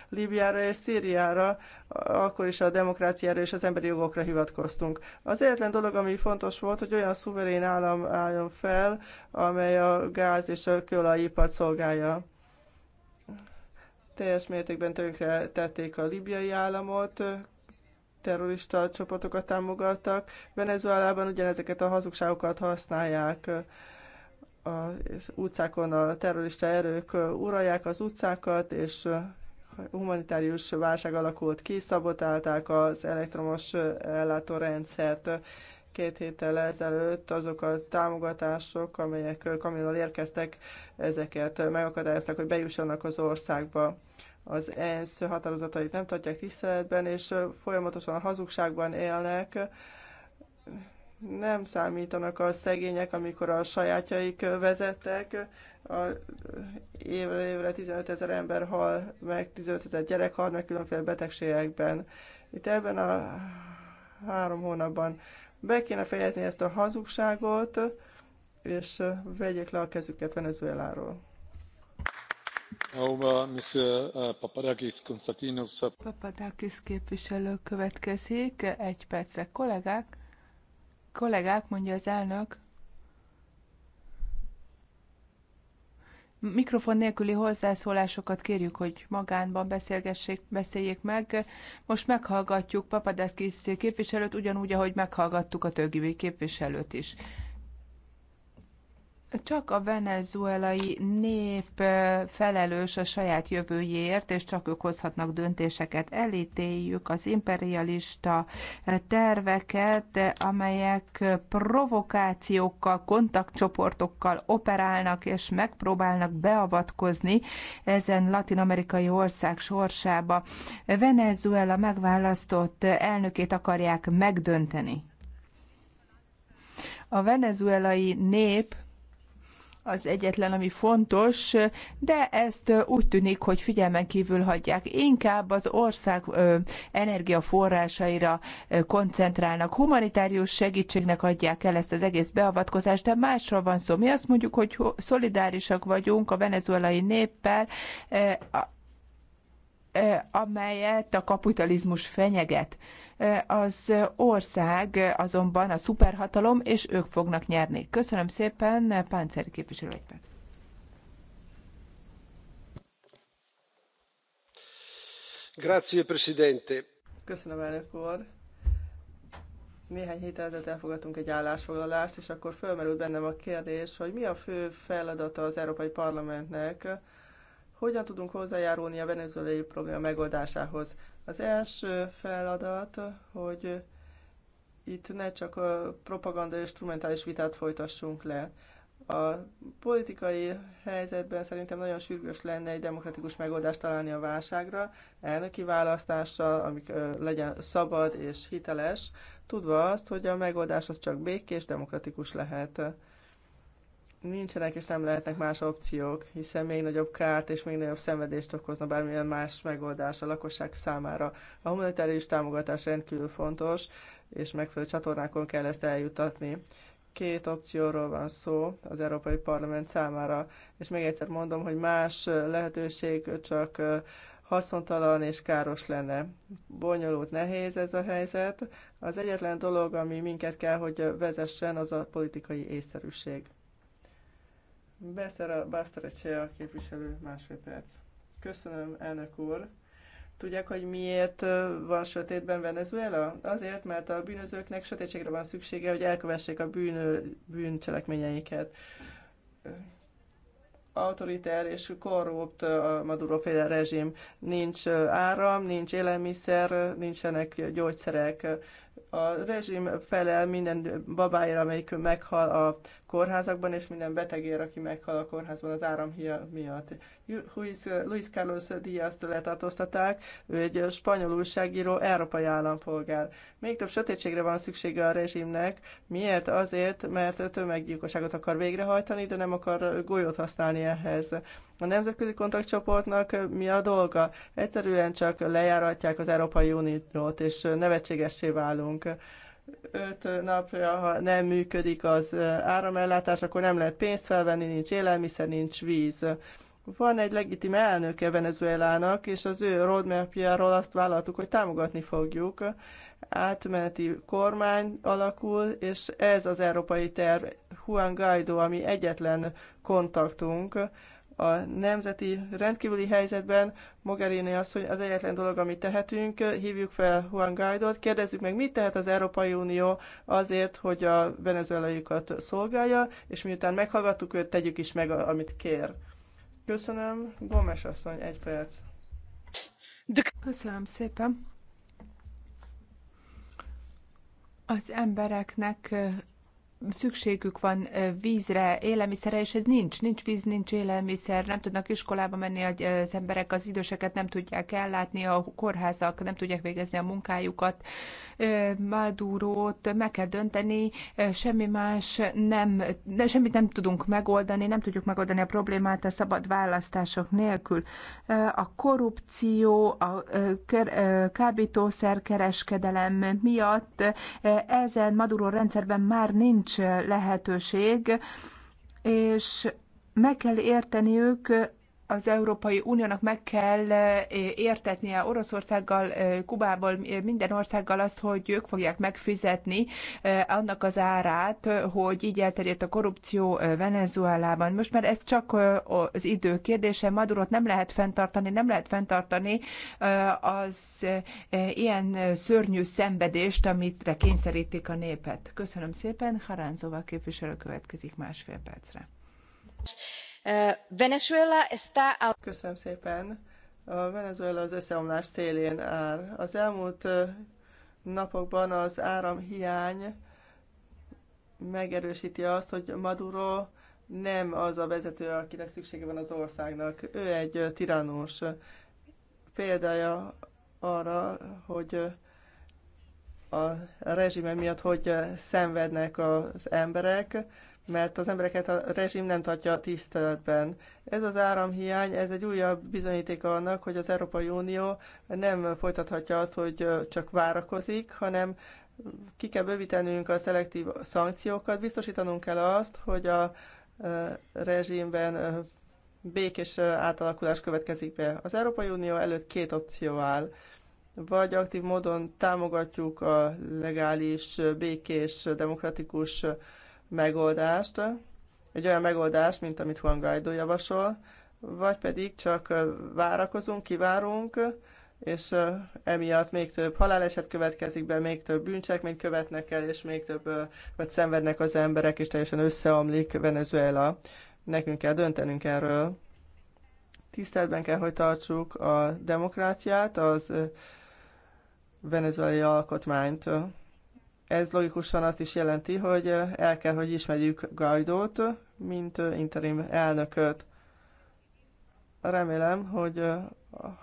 Líbiára és Szíriára, akkor is a demokráciára és az emberi jogokra hivatkoztunk. Az egyetlen dolog, ami fontos volt, hogy olyan szuverén állam álljon fel, amely a gáz és a kőolajipart szolgálja teljes mértékben tönkre tették a libiai államot, terrorista csoportokat támogattak. Venezuelában ugyanezeket a hazugságokat használják a utcákon a terrorista erők uralják az utcákat, és humanitárius válság alakult ki, szabotálták az elektromos ellátórendszert. Két héttel ezelőtt azok a támogatások, amelyek kamionnal érkeztek, ezeket megakadályozták, hogy bejussanak az országba az ENSZ határozatait nem tartják tiszteletben, és folyamatosan a hazugságban élnek, nem számítanak a szegények, amikor a sajátjaik vezettek. A évre, évre 15 ezer ember hal meg, 15 ezer gyerek hal meg különféle betegségekben. Itt ebben a három hónapban be kéne fejezni ezt a hazugságot, és vegyék le a kezüket Venezueláról. Uh, Papadakis Konstantinos. Papadakis képviselő következik. Egy percre. Kollégák, kollégák, mondja az elnök. Mikrofon nélküli hozzászólásokat kérjük, hogy magánban beszélgessék, beszéljék meg. Most meghallgatjuk Papadakis képviselőt, ugyanúgy, ahogy meghallgattuk a többi képviselőt is csak a venezuelai nép felelős a saját jövőjéért, és csak ők hozhatnak döntéseket. Elítéljük az imperialista terveket, amelyek provokációkkal, kontaktcsoportokkal operálnak, és megpróbálnak beavatkozni ezen latin-amerikai ország sorsába. Venezuela megválasztott elnökét akarják megdönteni. A venezuelai nép az egyetlen, ami fontos, de ezt úgy tűnik, hogy figyelmen kívül hagyják. Inkább az ország energiaforrásaira koncentrálnak. Humanitárius segítségnek adják el ezt az egész beavatkozást, de másról van szó. Mi azt mondjuk, hogy szolidárisak vagyunk a venezuelai néppel, amelyet a kapitalizmus fenyeget. Az ország azonban a szuperhatalom, és ők fognak nyerni. Köszönöm szépen, Páncer képviselő egyben. Grazie, Presidente. Köszönöm, elnök úr néhány héttel ezelőtt elfogadtunk egy állásfoglalást, és akkor fölmerült bennem a kérdés, hogy mi a fő feladata az Európai Parlamentnek hogyan tudunk hozzájárulni a venezuelai probléma megoldásához. Az első feladat, hogy itt ne csak a propaganda és instrumentális vitát folytassunk le. A politikai helyzetben szerintem nagyon sürgős lenne egy demokratikus megoldást találni a válságra, elnöki választással, amik legyen szabad és hiteles, tudva azt, hogy a megoldás az csak békés, demokratikus lehet nincsenek és nem lehetnek más opciók, hiszen még nagyobb kárt és még nagyobb szenvedést okozna bármilyen más megoldás a lakosság számára. A humanitárius támogatás rendkívül fontos, és megfelelő csatornákon kell ezt eljutatni. Két opcióról van szó az Európai Parlament számára, és még egyszer mondom, hogy más lehetőség csak haszontalan és káros lenne. Bonyolult, nehéz ez a helyzet. Az egyetlen dolog, ami minket kell, hogy vezessen, az a politikai észszerűség. Beszera Buster a képviselő másfél perc. Köszönöm, elnök úr. Tudják, hogy miért van sötétben Venezuela? Azért, mert a bűnözőknek sötétségre van szüksége, hogy elkövessék a bűn, bűncselekményeiket. Autoriter és korrupt a Maduro féle rezsim. Nincs áram, nincs élelmiszer, nincsenek gyógyszerek a rezsim felel minden babáért, amelyik meghal a kórházakban, és minden betegért, aki meghal a kórházban az áramhia miatt. Luis, Carlos Díaz letartóztatták, ő egy spanyol újságíró, európai állampolgár. Még több sötétségre van szüksége a rezsimnek. Miért? Azért, mert tömeggyilkosságot akar végrehajtani, de nem akar golyót használni ehhez. A nemzetközi kontaktcsoportnak mi a dolga? Egyszerűen csak lejáratják az Európai Uniót, és nevetségessé válunk. Öt napja, ha nem működik az áramellátás, akkor nem lehet pénzt felvenni, nincs élelmiszer, nincs víz. Van egy legitim elnöke Venezuelának, és az ő roadmapjáról azt vállaltuk, hogy támogatni fogjuk. Átmeneti kormány alakul, és ez az európai terv Juan Guaido, ami egyetlen kontaktunk, a nemzeti rendkívüli helyzetben Mogherini asszony az egyetlen dolog, amit tehetünk, hívjuk fel Juan Guaidót, kérdezzük meg, mit tehet az Európai Unió azért, hogy a venezuelaiakat szolgálja, és miután meghallgattuk őt, tegyük is meg, amit kér. Köszönöm, Gomes asszony, egy perc. Köszönöm szépen. Az embereknek szükségük van vízre, élelmiszerre, és ez nincs. Nincs víz, nincs élelmiszer, nem tudnak iskolába menni az emberek, az időseket nem tudják ellátni, a kórházak nem tudják végezni a munkájukat. Madurót meg kell dönteni, semmi más nem, de semmit nem tudunk megoldani, nem tudjuk megoldani a problémát a szabad választások nélkül. A korrupció, a kábítószerkereskedelem miatt ezen Maduro rendszerben már nincs nincs eh, lehetőség, és meg kell érteniük az Európai Uniónak meg kell e, értetnie Oroszországgal, e, Kubából, e, minden országgal azt, hogy ők fogják megfizetni annak az árát, hogy így elterjedt a korrupció Venezuelában. Most már ez csak az idő kérdése. Madurot nem lehet fenntartani, nem lehet fenntartani az ilyen szörnyű szenvedést, amitre kényszerítik a népet. Köszönöm szépen. Haránzova képviselő következik másfél percre. Eh, Venezuela está... Köszönöm szépen. A Venezuela az összeomlás szélén áll. Az elmúlt eh, napokban az áramhiány megerősíti azt, hogy Maduro nem az a vezető, akinek szüksége van az országnak. Ő egy eh, tiranus. Példája arra, hogy a rezsime miatt hogy szenvednek az emberek, mert az embereket a rezsim nem tartja tiszteletben. Ez az áramhiány, ez egy újabb bizonyíték annak, hogy az Európai Unió nem folytathatja azt, hogy csak várakozik, hanem ki kell bővítenünk a szelektív szankciókat, biztosítanunk kell azt, hogy a rezsimben békés átalakulás következik be. Az Európai Unió előtt két opció áll. Vagy aktív módon támogatjuk a legális, békés, demokratikus megoldást, egy olyan megoldást, mint amit Juan Guaido javasol, vagy pedig csak várakozunk, kivárunk, és emiatt még több haláleset következik be, még több bűncselekményt követnek el, és még több, vagy szenvednek az emberek, és teljesen összeomlik Venezuela. Nekünk kell döntenünk erről. Tiszteletben kell, hogy tartsuk a demokráciát, az venezuelai alkotmányt. Ez logikusan azt is jelenti, hogy eh, el kell, hogy ismerjük Gajdót, mint eh, interim elnököt. Remélem, hogy eh,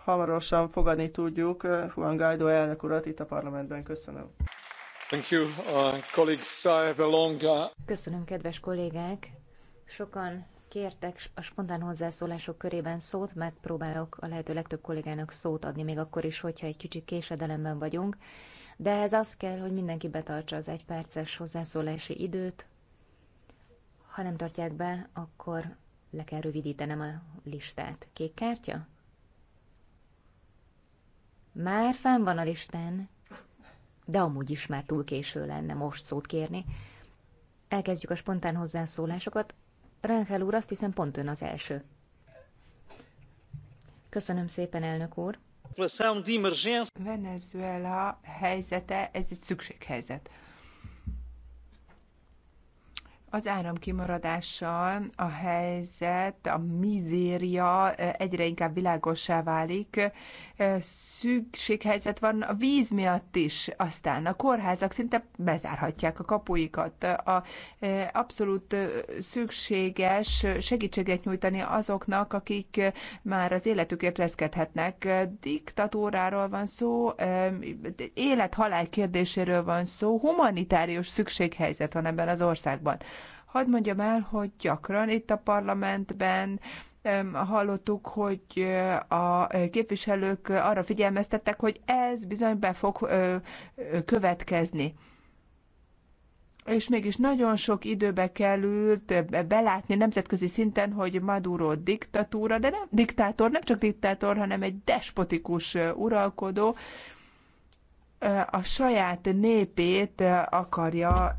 hamarosan fogadni tudjuk Juan Guaidó elnök urat itt a parlamentben. Köszönöm. Thank you, uh, colleagues. I have a long, uh... Köszönöm, kedves kollégák. Sokan kértek a spontán hozzászólások körében szót, megpróbálok a lehető legtöbb kollégának szót adni, még akkor is, hogyha egy kicsit késedelemben vagyunk de ehhez az kell, hogy mindenki betartsa az egyperces hozzászólási időt. Ha nem tartják be, akkor le kell rövidítenem a listát. Kék kártya? Már fenn van a listán, de amúgy is már túl késő lenne most szót kérni. Elkezdjük a spontán hozzászólásokat. Rangel úr, azt hiszem pont ön az első. Köszönöm szépen, elnök úr. Venezuela helyzete, ez egy szükséghelyzet. Az áramkimaradással a helyzet, a mizéria egyre inkább világossá válik. Szükséghelyzet van a víz miatt is, aztán a kórházak szinte bezárhatják a kapuikat. A abszolút szükséges segítséget nyújtani azoknak, akik már az életükért reszkedhetnek. Diktatúráról van szó, élet-halál kérdéséről van szó, humanitárius szükséghelyzet van ebben az országban. Hadd mondjam el, hogy gyakran itt a parlamentben hallottuk, hogy a képviselők arra figyelmeztettek, hogy ez bizony be fog következni és mégis nagyon sok időbe került belátni nemzetközi szinten, hogy Maduro diktatúra, de nem diktátor, nem csak diktátor, hanem egy despotikus uralkodó, a saját népét akarja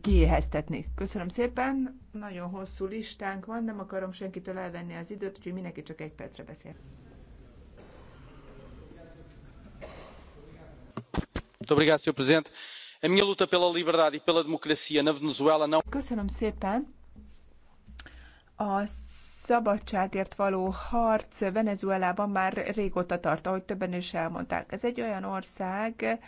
kiéheztetni. Köszönöm szépen, nagyon hosszú listánk van, nem akarom senkitől elvenni az időt, úgyhogy mindenki csak egy percre beszél. Köszönöm szépen. A szabadságért való harc Venezuelában már régóta tart, ahogy többen is elmondták. Ez egy olyan ország,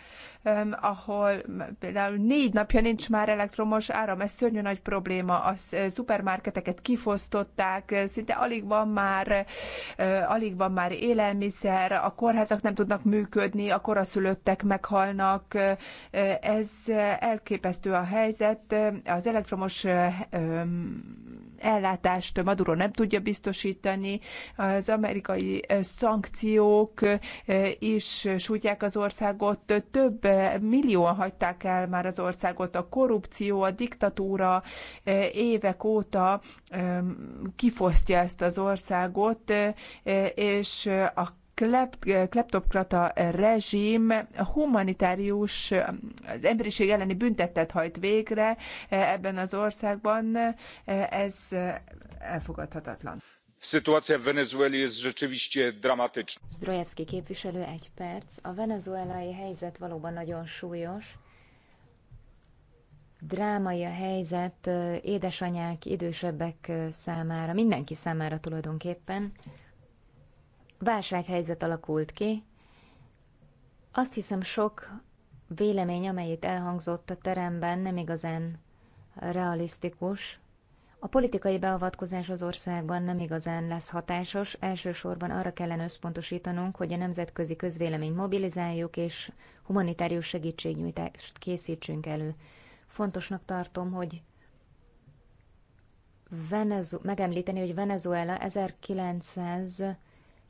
ahol például négy napja nincs már elektromos áram, ez szörnyű nagy probléma. A szupermarketeket kifosztották, szinte alig van már, alig van már élelmiszer, a kórházak nem tudnak működni, a koraszülöttek meghalnak. Ez elképesztő a helyzet. Az elektromos ellátást Maduro nem tudja biztosítani, az amerikai szankciók is sújtják az országot, több millióan hagyták el már az országot, a korrupció, a diktatúra évek óta kifosztja ezt az országot, és a klep, kleptokrata rezsim humanitárius emberiség elleni büntetet hajt végre ebben az országban. Ez elfogadhatatlan. rzeczywiście dramatyczna. Zdrojewski képviselő egy perc. A venezuelai helyzet valóban nagyon súlyos. Drámai a helyzet édesanyák, idősebbek számára, mindenki számára tulajdonképpen válsághelyzet alakult ki. Azt hiszem, sok vélemény, amelyet elhangzott a teremben, nem igazán realisztikus. A politikai beavatkozás az országban nem igazán lesz hatásos, elsősorban arra kellene összpontosítanunk, hogy a nemzetközi közvéleményt mobilizáljuk és humanitárius segítségnyújtást készítsünk elő. Fontosnak tartom, hogy Venezu- megemlíteni, hogy Venezuela 1900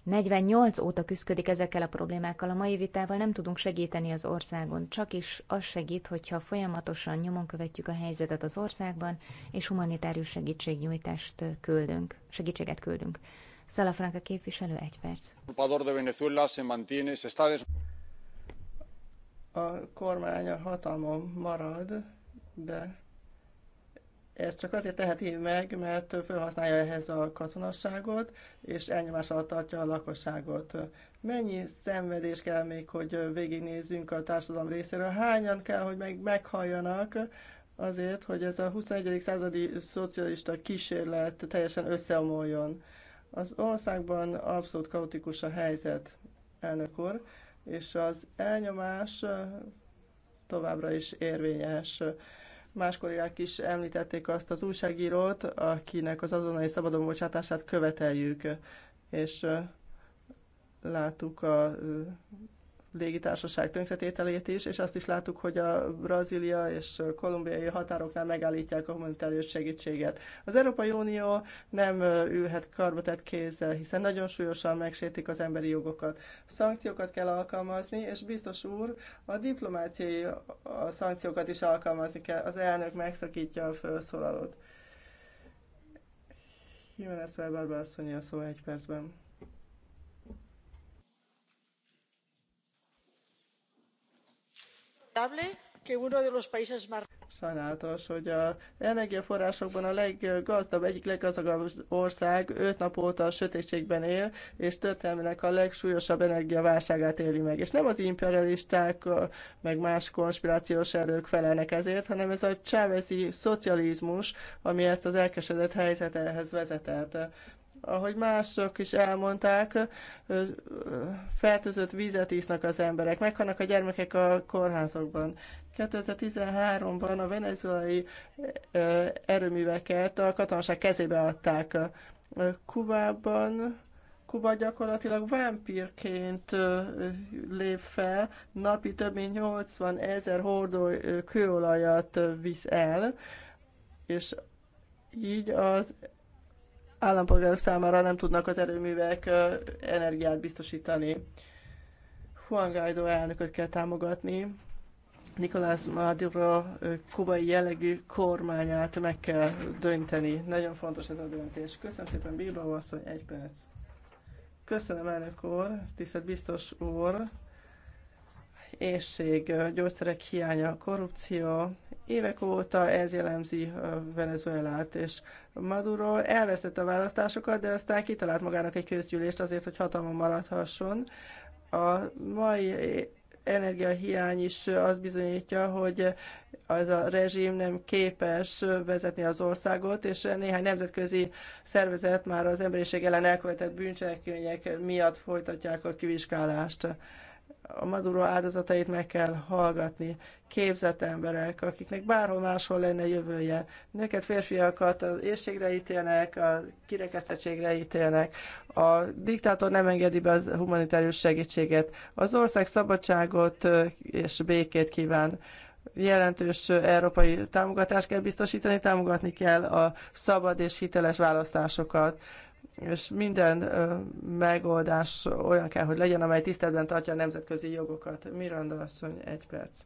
48 óta küszködik ezekkel a problémákkal. A mai vitával nem tudunk segíteni az országon, csak is az segít, hogyha folyamatosan nyomon követjük a helyzetet az országban, és humanitárius segítségnyújtást küldünk, segítséget küldünk. Szalafranka képviselő, egy perc. A kormány a hatalmon marad, de ez csak azért teheti meg, mert felhasználja ehhez a katonasságot, és elnyomás alatt tartja a lakosságot. Mennyi szenvedés kell még, hogy végignézzünk a társadalom részéről? Hányan kell, hogy meg meghalljanak azért, hogy ez a 21. századi szocialista kísérlet teljesen összeomoljon? Az országban abszolút kaotikus a helyzet, elnök úr, és az elnyomás továbbra is érvényes. Más kollégák is említették azt az újságírót, akinek az azonnali szabadon bocsátását követeljük, és láttuk a légitársaság tönkretételét is, és azt is láttuk, hogy a Brazília és kolumbiai határoknál megállítják a humanitárius segítséget. Az Európai Unió nem ülhet karbatett kézzel, hiszen nagyon súlyosan megsértik az emberi jogokat. Szankciókat kell alkalmazni, és biztos úr, a diplomáciai szankciókat is alkalmazni kell. Az elnök megszakítja a felszólalót. Jimenez Weber asszonyi a szó egy percben. Sajnálatos, hogy a energiaforrásokban a leggazdabb, egyik leggazdagabb ország öt nap óta a sötétségben él, és történelmének a legsúlyosabb energiaválságát éli meg. És nem az imperialisták, meg más konspirációs erők felelnek ezért, hanem ez a csávezi szocializmus, ami ezt az elkesedett helyzetehez vezetett ahogy mások is elmondták, fertőzött vizet isznak az emberek, meghalnak a gyermekek a kórházokban. 2013-ban a venezuelai erőműveket a katonaság kezébe adták. Kubában Kuba gyakorlatilag vámpírként lép fel, napi több mint 80 ezer hordó kőolajat visz el, és így az állampolgárok számára nem tudnak az erőművek energiát biztosítani. Juan Guaido elnököt kell támogatni, Nicolás Maduro kubai jellegű kormányát meg kell dönteni. Nagyon fontos ez a döntés. Köszönöm szépen, Bilbao asszony, egy perc. Köszönöm, elnök úr, tisztelt biztos úr ésség, gyógyszerek hiánya, korrupció. Évek óta ez jellemzi Venezuelát, és Maduro elvesztette a választásokat, de aztán kitalált magának egy közgyűlést azért, hogy hatalma maradhasson. A mai energiahiány is azt bizonyítja, hogy az a rezsim nem képes vezetni az országot, és néhány nemzetközi szervezet már az emberiség ellen elkövetett bűncselekmények miatt folytatják a kivizsgálást a Maduro áldozatait meg kell hallgatni. Képzett emberek, akiknek bárhol máshol lenne jövője. Nőket, férfiakat az érségre ítélnek, a kirekesztettségre ítélnek. A diktátor nem engedi be az humanitárius segítséget. Az ország szabadságot és békét kíván jelentős európai támogatást kell biztosítani, támogatni kell a szabad és hiteles választásokat és minden ö, megoldás olyan kell, hogy legyen, amely tiszteletben tartja a nemzetközi jogokat. Miranda asszony, egy perc.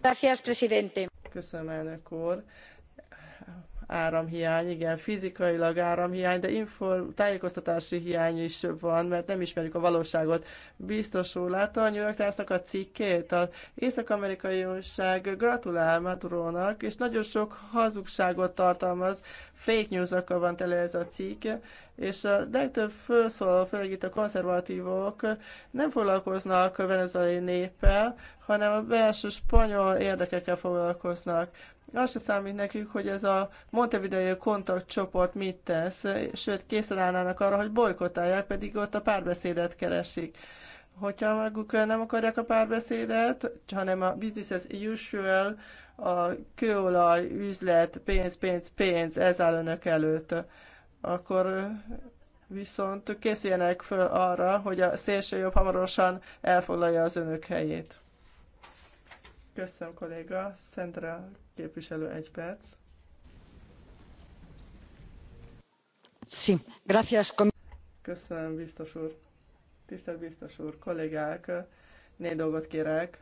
Gracias, presidente. Köszönöm, elnök úr áramhiány, igen, fizikailag áramhiány, de inform- tájékoztatási hiány is van, mert nem ismerjük a valóságot. Biztos úr, látta a New York Times-nak a cikkét? Az Észak-Amerikai Újság gratulál Madurónak, és nagyon sok hazugságot tartalmaz, fake news van tele ez a cikk, és a legtöbb felszólaló, főleg itt a konzervatívok nem foglalkoznak a venezuelai néppel, hanem a belső spanyol érdekekkel foglalkoznak az se számít nekük, hogy ez a Montevideo kontaktcsoport mit tesz, sőt készen állnának arra, hogy bolykottálják, pedig ott a párbeszédet keresik. Hogyha maguk nem akarják a párbeszédet, hanem a business as usual, a kőolaj, üzlet, pénz, pénz, pénz, ez áll önök előtt, akkor viszont készüljenek föl arra, hogy a szélső jobb hamarosan elfoglalja az önök helyét. Köszönöm, kolléga. Szentra képviselő, egy perc. Sí, gracias. Köszönöm, biztos úr. Tisztelt biztos úr, kollégák, négy dolgot kérek.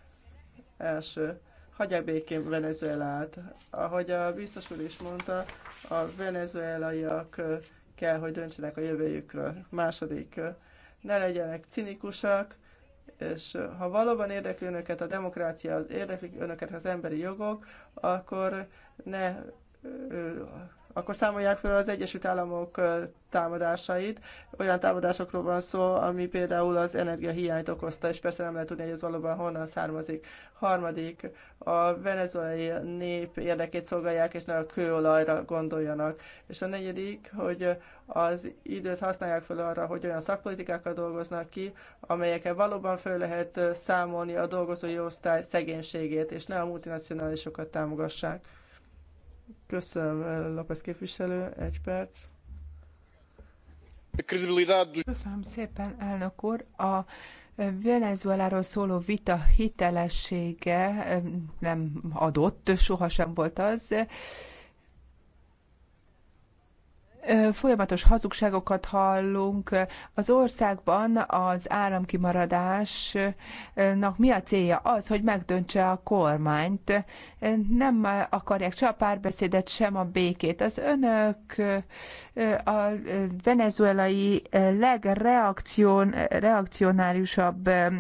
Első, hagyják békén Venezuelát. Ahogy a biztos úr is mondta, a venezuelaiak kell, hogy döntsenek a jövőjükről. Második, ne legyenek cinikusak, és ha valóban érdekli önöket a demokrácia, az érdekli önöket az emberi jogok, akkor ne akkor számolják fel az Egyesült Államok támadásait. Olyan támadásokról van szó, ami például az energiahiányt okozta, és persze nem lehet tudni, hogy ez valóban honnan származik. Harmadik, a venezuelai nép érdekét szolgálják, és ne a kőolajra gondoljanak. És a negyedik, hogy az időt használják fel arra, hogy olyan szakpolitikákat dolgoznak ki, amelyekkel valóban föl lehet számolni a dolgozói osztály szegénységét, és ne a multinacionálisokat támogassák. Köszönöm, López képviselő, egy perc. Köszönöm szépen, elnök úr. A Venezueláról szóló vita hitelessége nem adott, sohasem volt az folyamatos hazugságokat hallunk. Az országban az áramkimaradásnak mi a célja? Az, hogy megdöntse a kormányt. Nem akarják se a párbeszédet, sem a békét. Az önök a venezuelai legreakcion,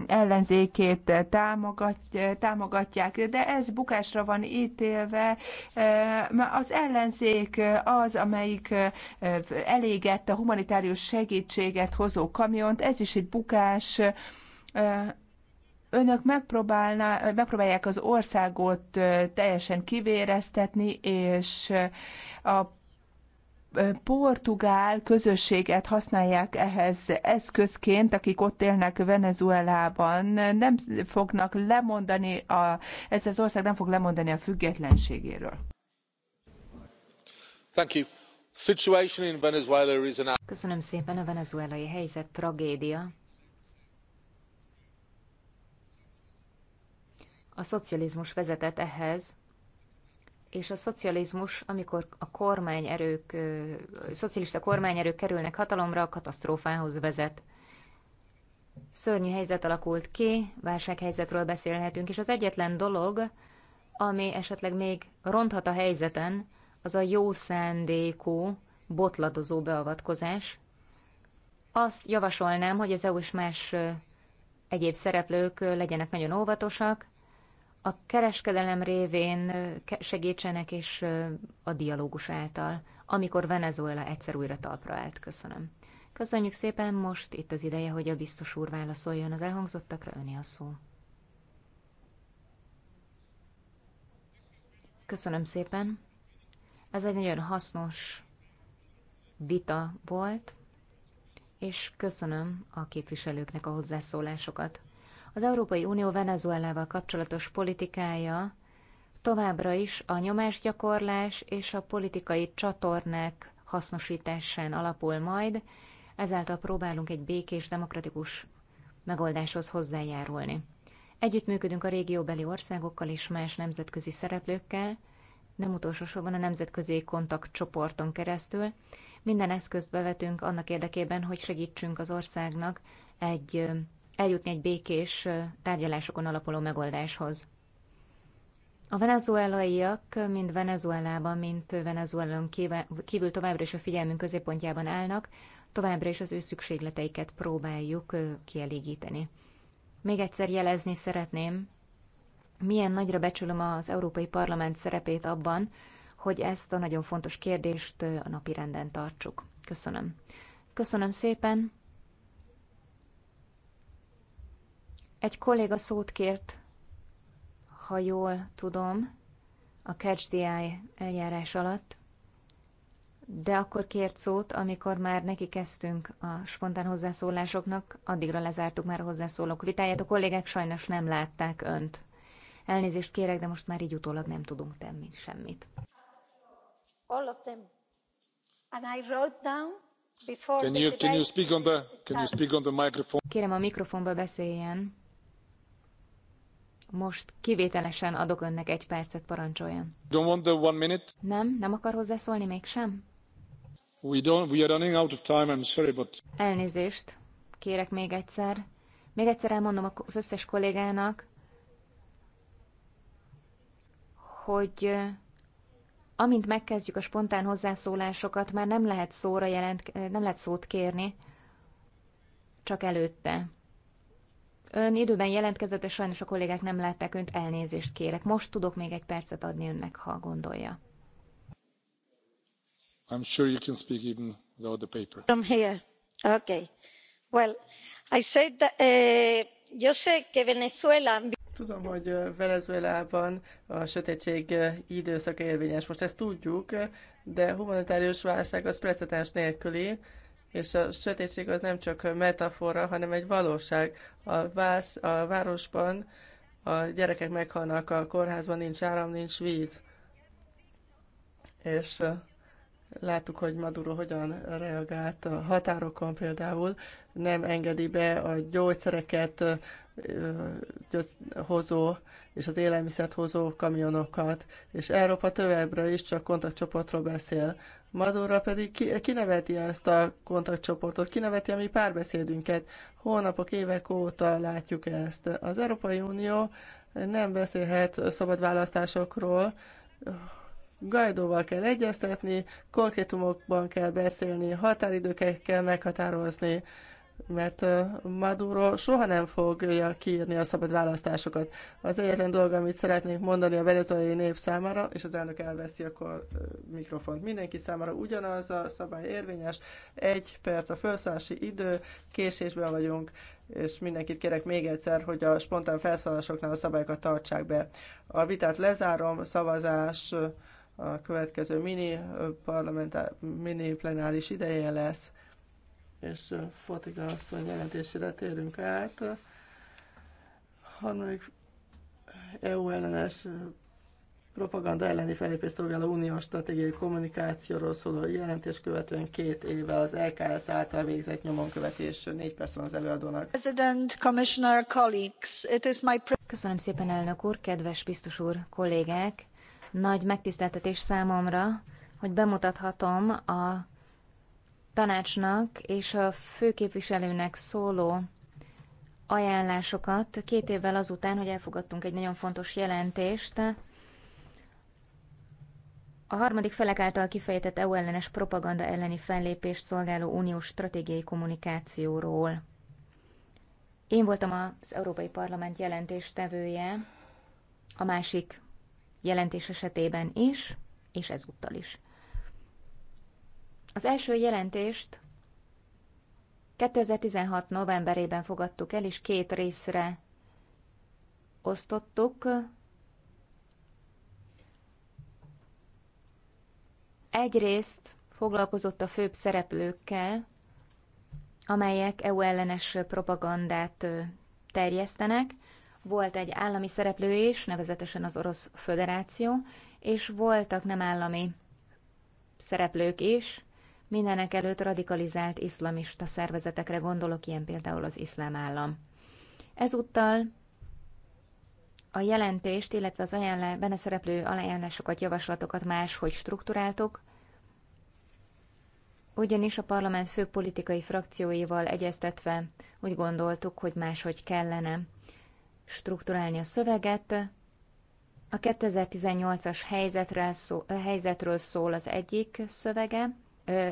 ellenzékét támogat, támogatják, de ez bukásra van ítélve. Az ellenzék az, amelyik elégett a humanitárius segítséget hozó kamiont, ez is egy bukás. Önök megpróbálná, megpróbálják az országot teljesen kivéreztetni, és a portugál közösséget használják ehhez eszközként, akik ott élnek Venezuelában, nem fognak lemondani, a, ez az ország nem fog lemondani a függetlenségéről. Thank you. Köszönöm szépen, a venezuelai helyzet tragédia. A szocializmus vezetett ehhez, és a szocializmus, amikor a kormányerők, a szocialista kormányerők kerülnek hatalomra, a katasztrófához vezet. Szörnyű helyzet alakult ki, válsághelyzetről beszélhetünk, és az egyetlen dolog, ami esetleg még ronthat a helyzeten, az a jó szándékú, botladozó beavatkozás. Azt javasolnám, hogy az EU és más egyéb szereplők legyenek nagyon óvatosak, a kereskedelem révén segítsenek, és a dialógus által, amikor Venezuela egyszer újra talpra állt. Köszönöm. Köszönjük szépen, most itt az ideje, hogy a biztos úr válaszoljon az elhangzottakra, öné a szó. Köszönöm szépen. Ez egy nagyon hasznos vita volt, és köszönöm a képviselőknek a hozzászólásokat. Az Európai Unió Venezuelával kapcsolatos politikája továbbra is a nyomásgyakorlás és a politikai csatornák hasznosításán alapul majd, ezáltal próbálunk egy békés, demokratikus megoldáshoz hozzájárulni. Együttműködünk a régióbeli országokkal és más nemzetközi szereplőkkel, nem utolsó sorban a nemzetközi kontaktcsoporton keresztül. Minden eszközt bevetünk annak érdekében, hogy segítsünk az országnak egy, eljutni egy békés tárgyalásokon alapuló megoldáshoz. A venezuelaiak mind Venezuelában, mint Venezuelon kívül továbbra is a figyelmünk középpontjában állnak, továbbra is az ő szükségleteiket próbáljuk kielégíteni. Még egyszer jelezni szeretném, milyen nagyra becsülöm az Európai Parlament szerepét abban, hogy ezt a nagyon fontos kérdést a napi renden tartsuk. Köszönöm. Köszönöm szépen. Egy kolléga szót kért, ha jól tudom, a Catch the Eye eljárás alatt, de akkor kért szót, amikor már neki kezdtünk a spontán hozzászólásoknak, addigra lezártuk már a hozzászólók vitáját, a kollégák sajnos nem látták önt. Elnézést kérek, de most már így utólag nem tudunk tenni semmit. All of them. And I wrote down before can you, the can you speak on the, can you speak on the microphone? Kérem a mikrofonba beszéljen. Most kivételesen adok önnek egy percet, parancsoljon. Don't want the one minute? Nem, nem akar hozzászólni mégsem? We don't, we are running out of time, I'm sorry, but... Elnézést, kérek még egyszer. Még egyszer elmondom az összes kollégának, hogy amint megkezdjük a spontán hozzászólásokat, már nem lehet szóra jelent, nem lehet szót kérni, csak előtte. Ön időben jelentkezett, és sajnos a kollégák nem látták önt, elnézést kérek. Most tudok még egy percet adni önnek, ha gondolja. I'm sure you can speak even without the paper. From here. Okay. Well, I said that, uh, yo sé que Venezuela Tudom, hogy Venezuelában a sötétség időszaka érvényes, most ezt tudjuk, de humanitárius válság az precedens nélküli, és a sötétség az nem csak metafora, hanem egy valóság. A, vás, a városban a gyerekek meghalnak, a kórházban nincs áram, nincs víz. És láttuk, hogy Maduro hogyan reagált a határokon például, nem engedi be a gyógyszereket, hozó és az élelmiszert hozó kamionokat, és Európa továbbra is csak kontaktcsoportról beszél. Madurra pedig ki, kineveti ezt a kontaktcsoportot, kineveti a mi párbeszédünket. Hónapok, évek óta látjuk ezt. Az Európai Unió nem beszélhet szabad választásokról, Gajdóval kell egyeztetni, konkrétumokban kell beszélni, határidőket kell meghatározni, mert Maduro soha nem fogja kiírni a szabad választásokat. Az egyetlen dolog, amit szeretnék mondani a venezuelai nép számára, és az elnök elveszi akkor mikrofont, mindenki számára ugyanaz a szabály érvényes, egy perc a felszállási idő, késésben vagyunk, és mindenkit kérek még egyszer, hogy a spontán felszállásoknál a szabályokat tartsák be. A vitát lezárom, szavazás a következő mini, mini plenáris idején lesz és Fotiga asszony jelentésére térünk át. Hanem EU ellenes propaganda elleni felépés szolgáló uniós stratégiai kommunikációról szóló jelentés követően két évvel az LKS által végzett nyomon követés. Négy perc van az előadónak. President, Commissioner, colleagues, it is my... Köszönöm szépen, elnök úr, kedves biztos úr, kollégák! Nagy megtiszteltetés számomra, hogy bemutathatom a tanácsnak és a főképviselőnek szóló ajánlásokat két évvel azután, hogy elfogadtunk egy nagyon fontos jelentést, a harmadik felek által kifejtett EU ellenes propaganda elleni fellépést szolgáló uniós stratégiai kommunikációról. Én voltam az Európai Parlament jelentéstevője a másik jelentés esetében is, és ezúttal is. Az első jelentést 2016. novemberében fogadtuk el, és két részre osztottuk. Egyrészt foglalkozott a főbb szereplőkkel, amelyek EU ellenes propagandát terjesztenek. Volt egy állami szereplő is, nevezetesen az Orosz Föderáció, és voltak nem állami szereplők is, Mindenek előtt radikalizált iszlamista szervezetekre gondolok, ilyen például az iszlám állam. Ezúttal a jelentést, illetve az ajánlás, benne szereplő ajánlásokat, javaslatokat máshogy struktúráltuk, ugyanis a parlament fő politikai frakcióival egyeztetve úgy gondoltuk, hogy máshogy kellene strukturálni a szöveget. A 2018-as helyzetről szól az egyik szövege,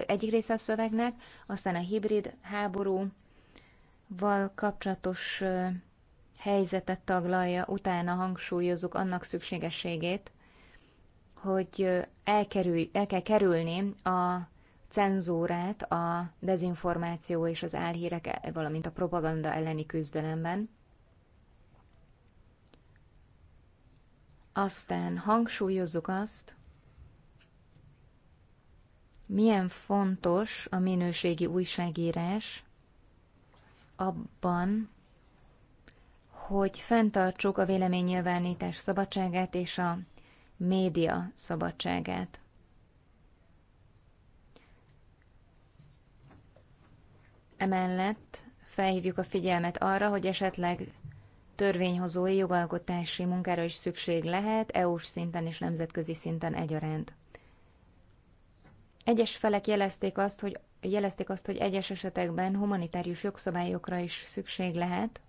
egyik része a szövegnek, aztán a hibrid háborúval kapcsolatos helyzetet taglalja, utána hangsúlyozunk annak szükségességét, hogy elkerülj, el kell kerülni a cenzúrát a dezinformáció és az álhírek, valamint a propaganda elleni küzdelemben. Aztán hangsúlyozzuk azt, milyen fontos a minőségi újságírás abban, hogy fenntartsuk a véleménynyilvánítás szabadságát és a média szabadságát. Emellett felhívjuk a figyelmet arra, hogy esetleg törvényhozói jogalkotási munkára is szükség lehet, EU-s szinten és nemzetközi szinten egyaránt. Egyes felek jelezték azt, hogy, jelezték azt, hogy egyes esetekben humanitárius jogszabályokra is szükség lehet,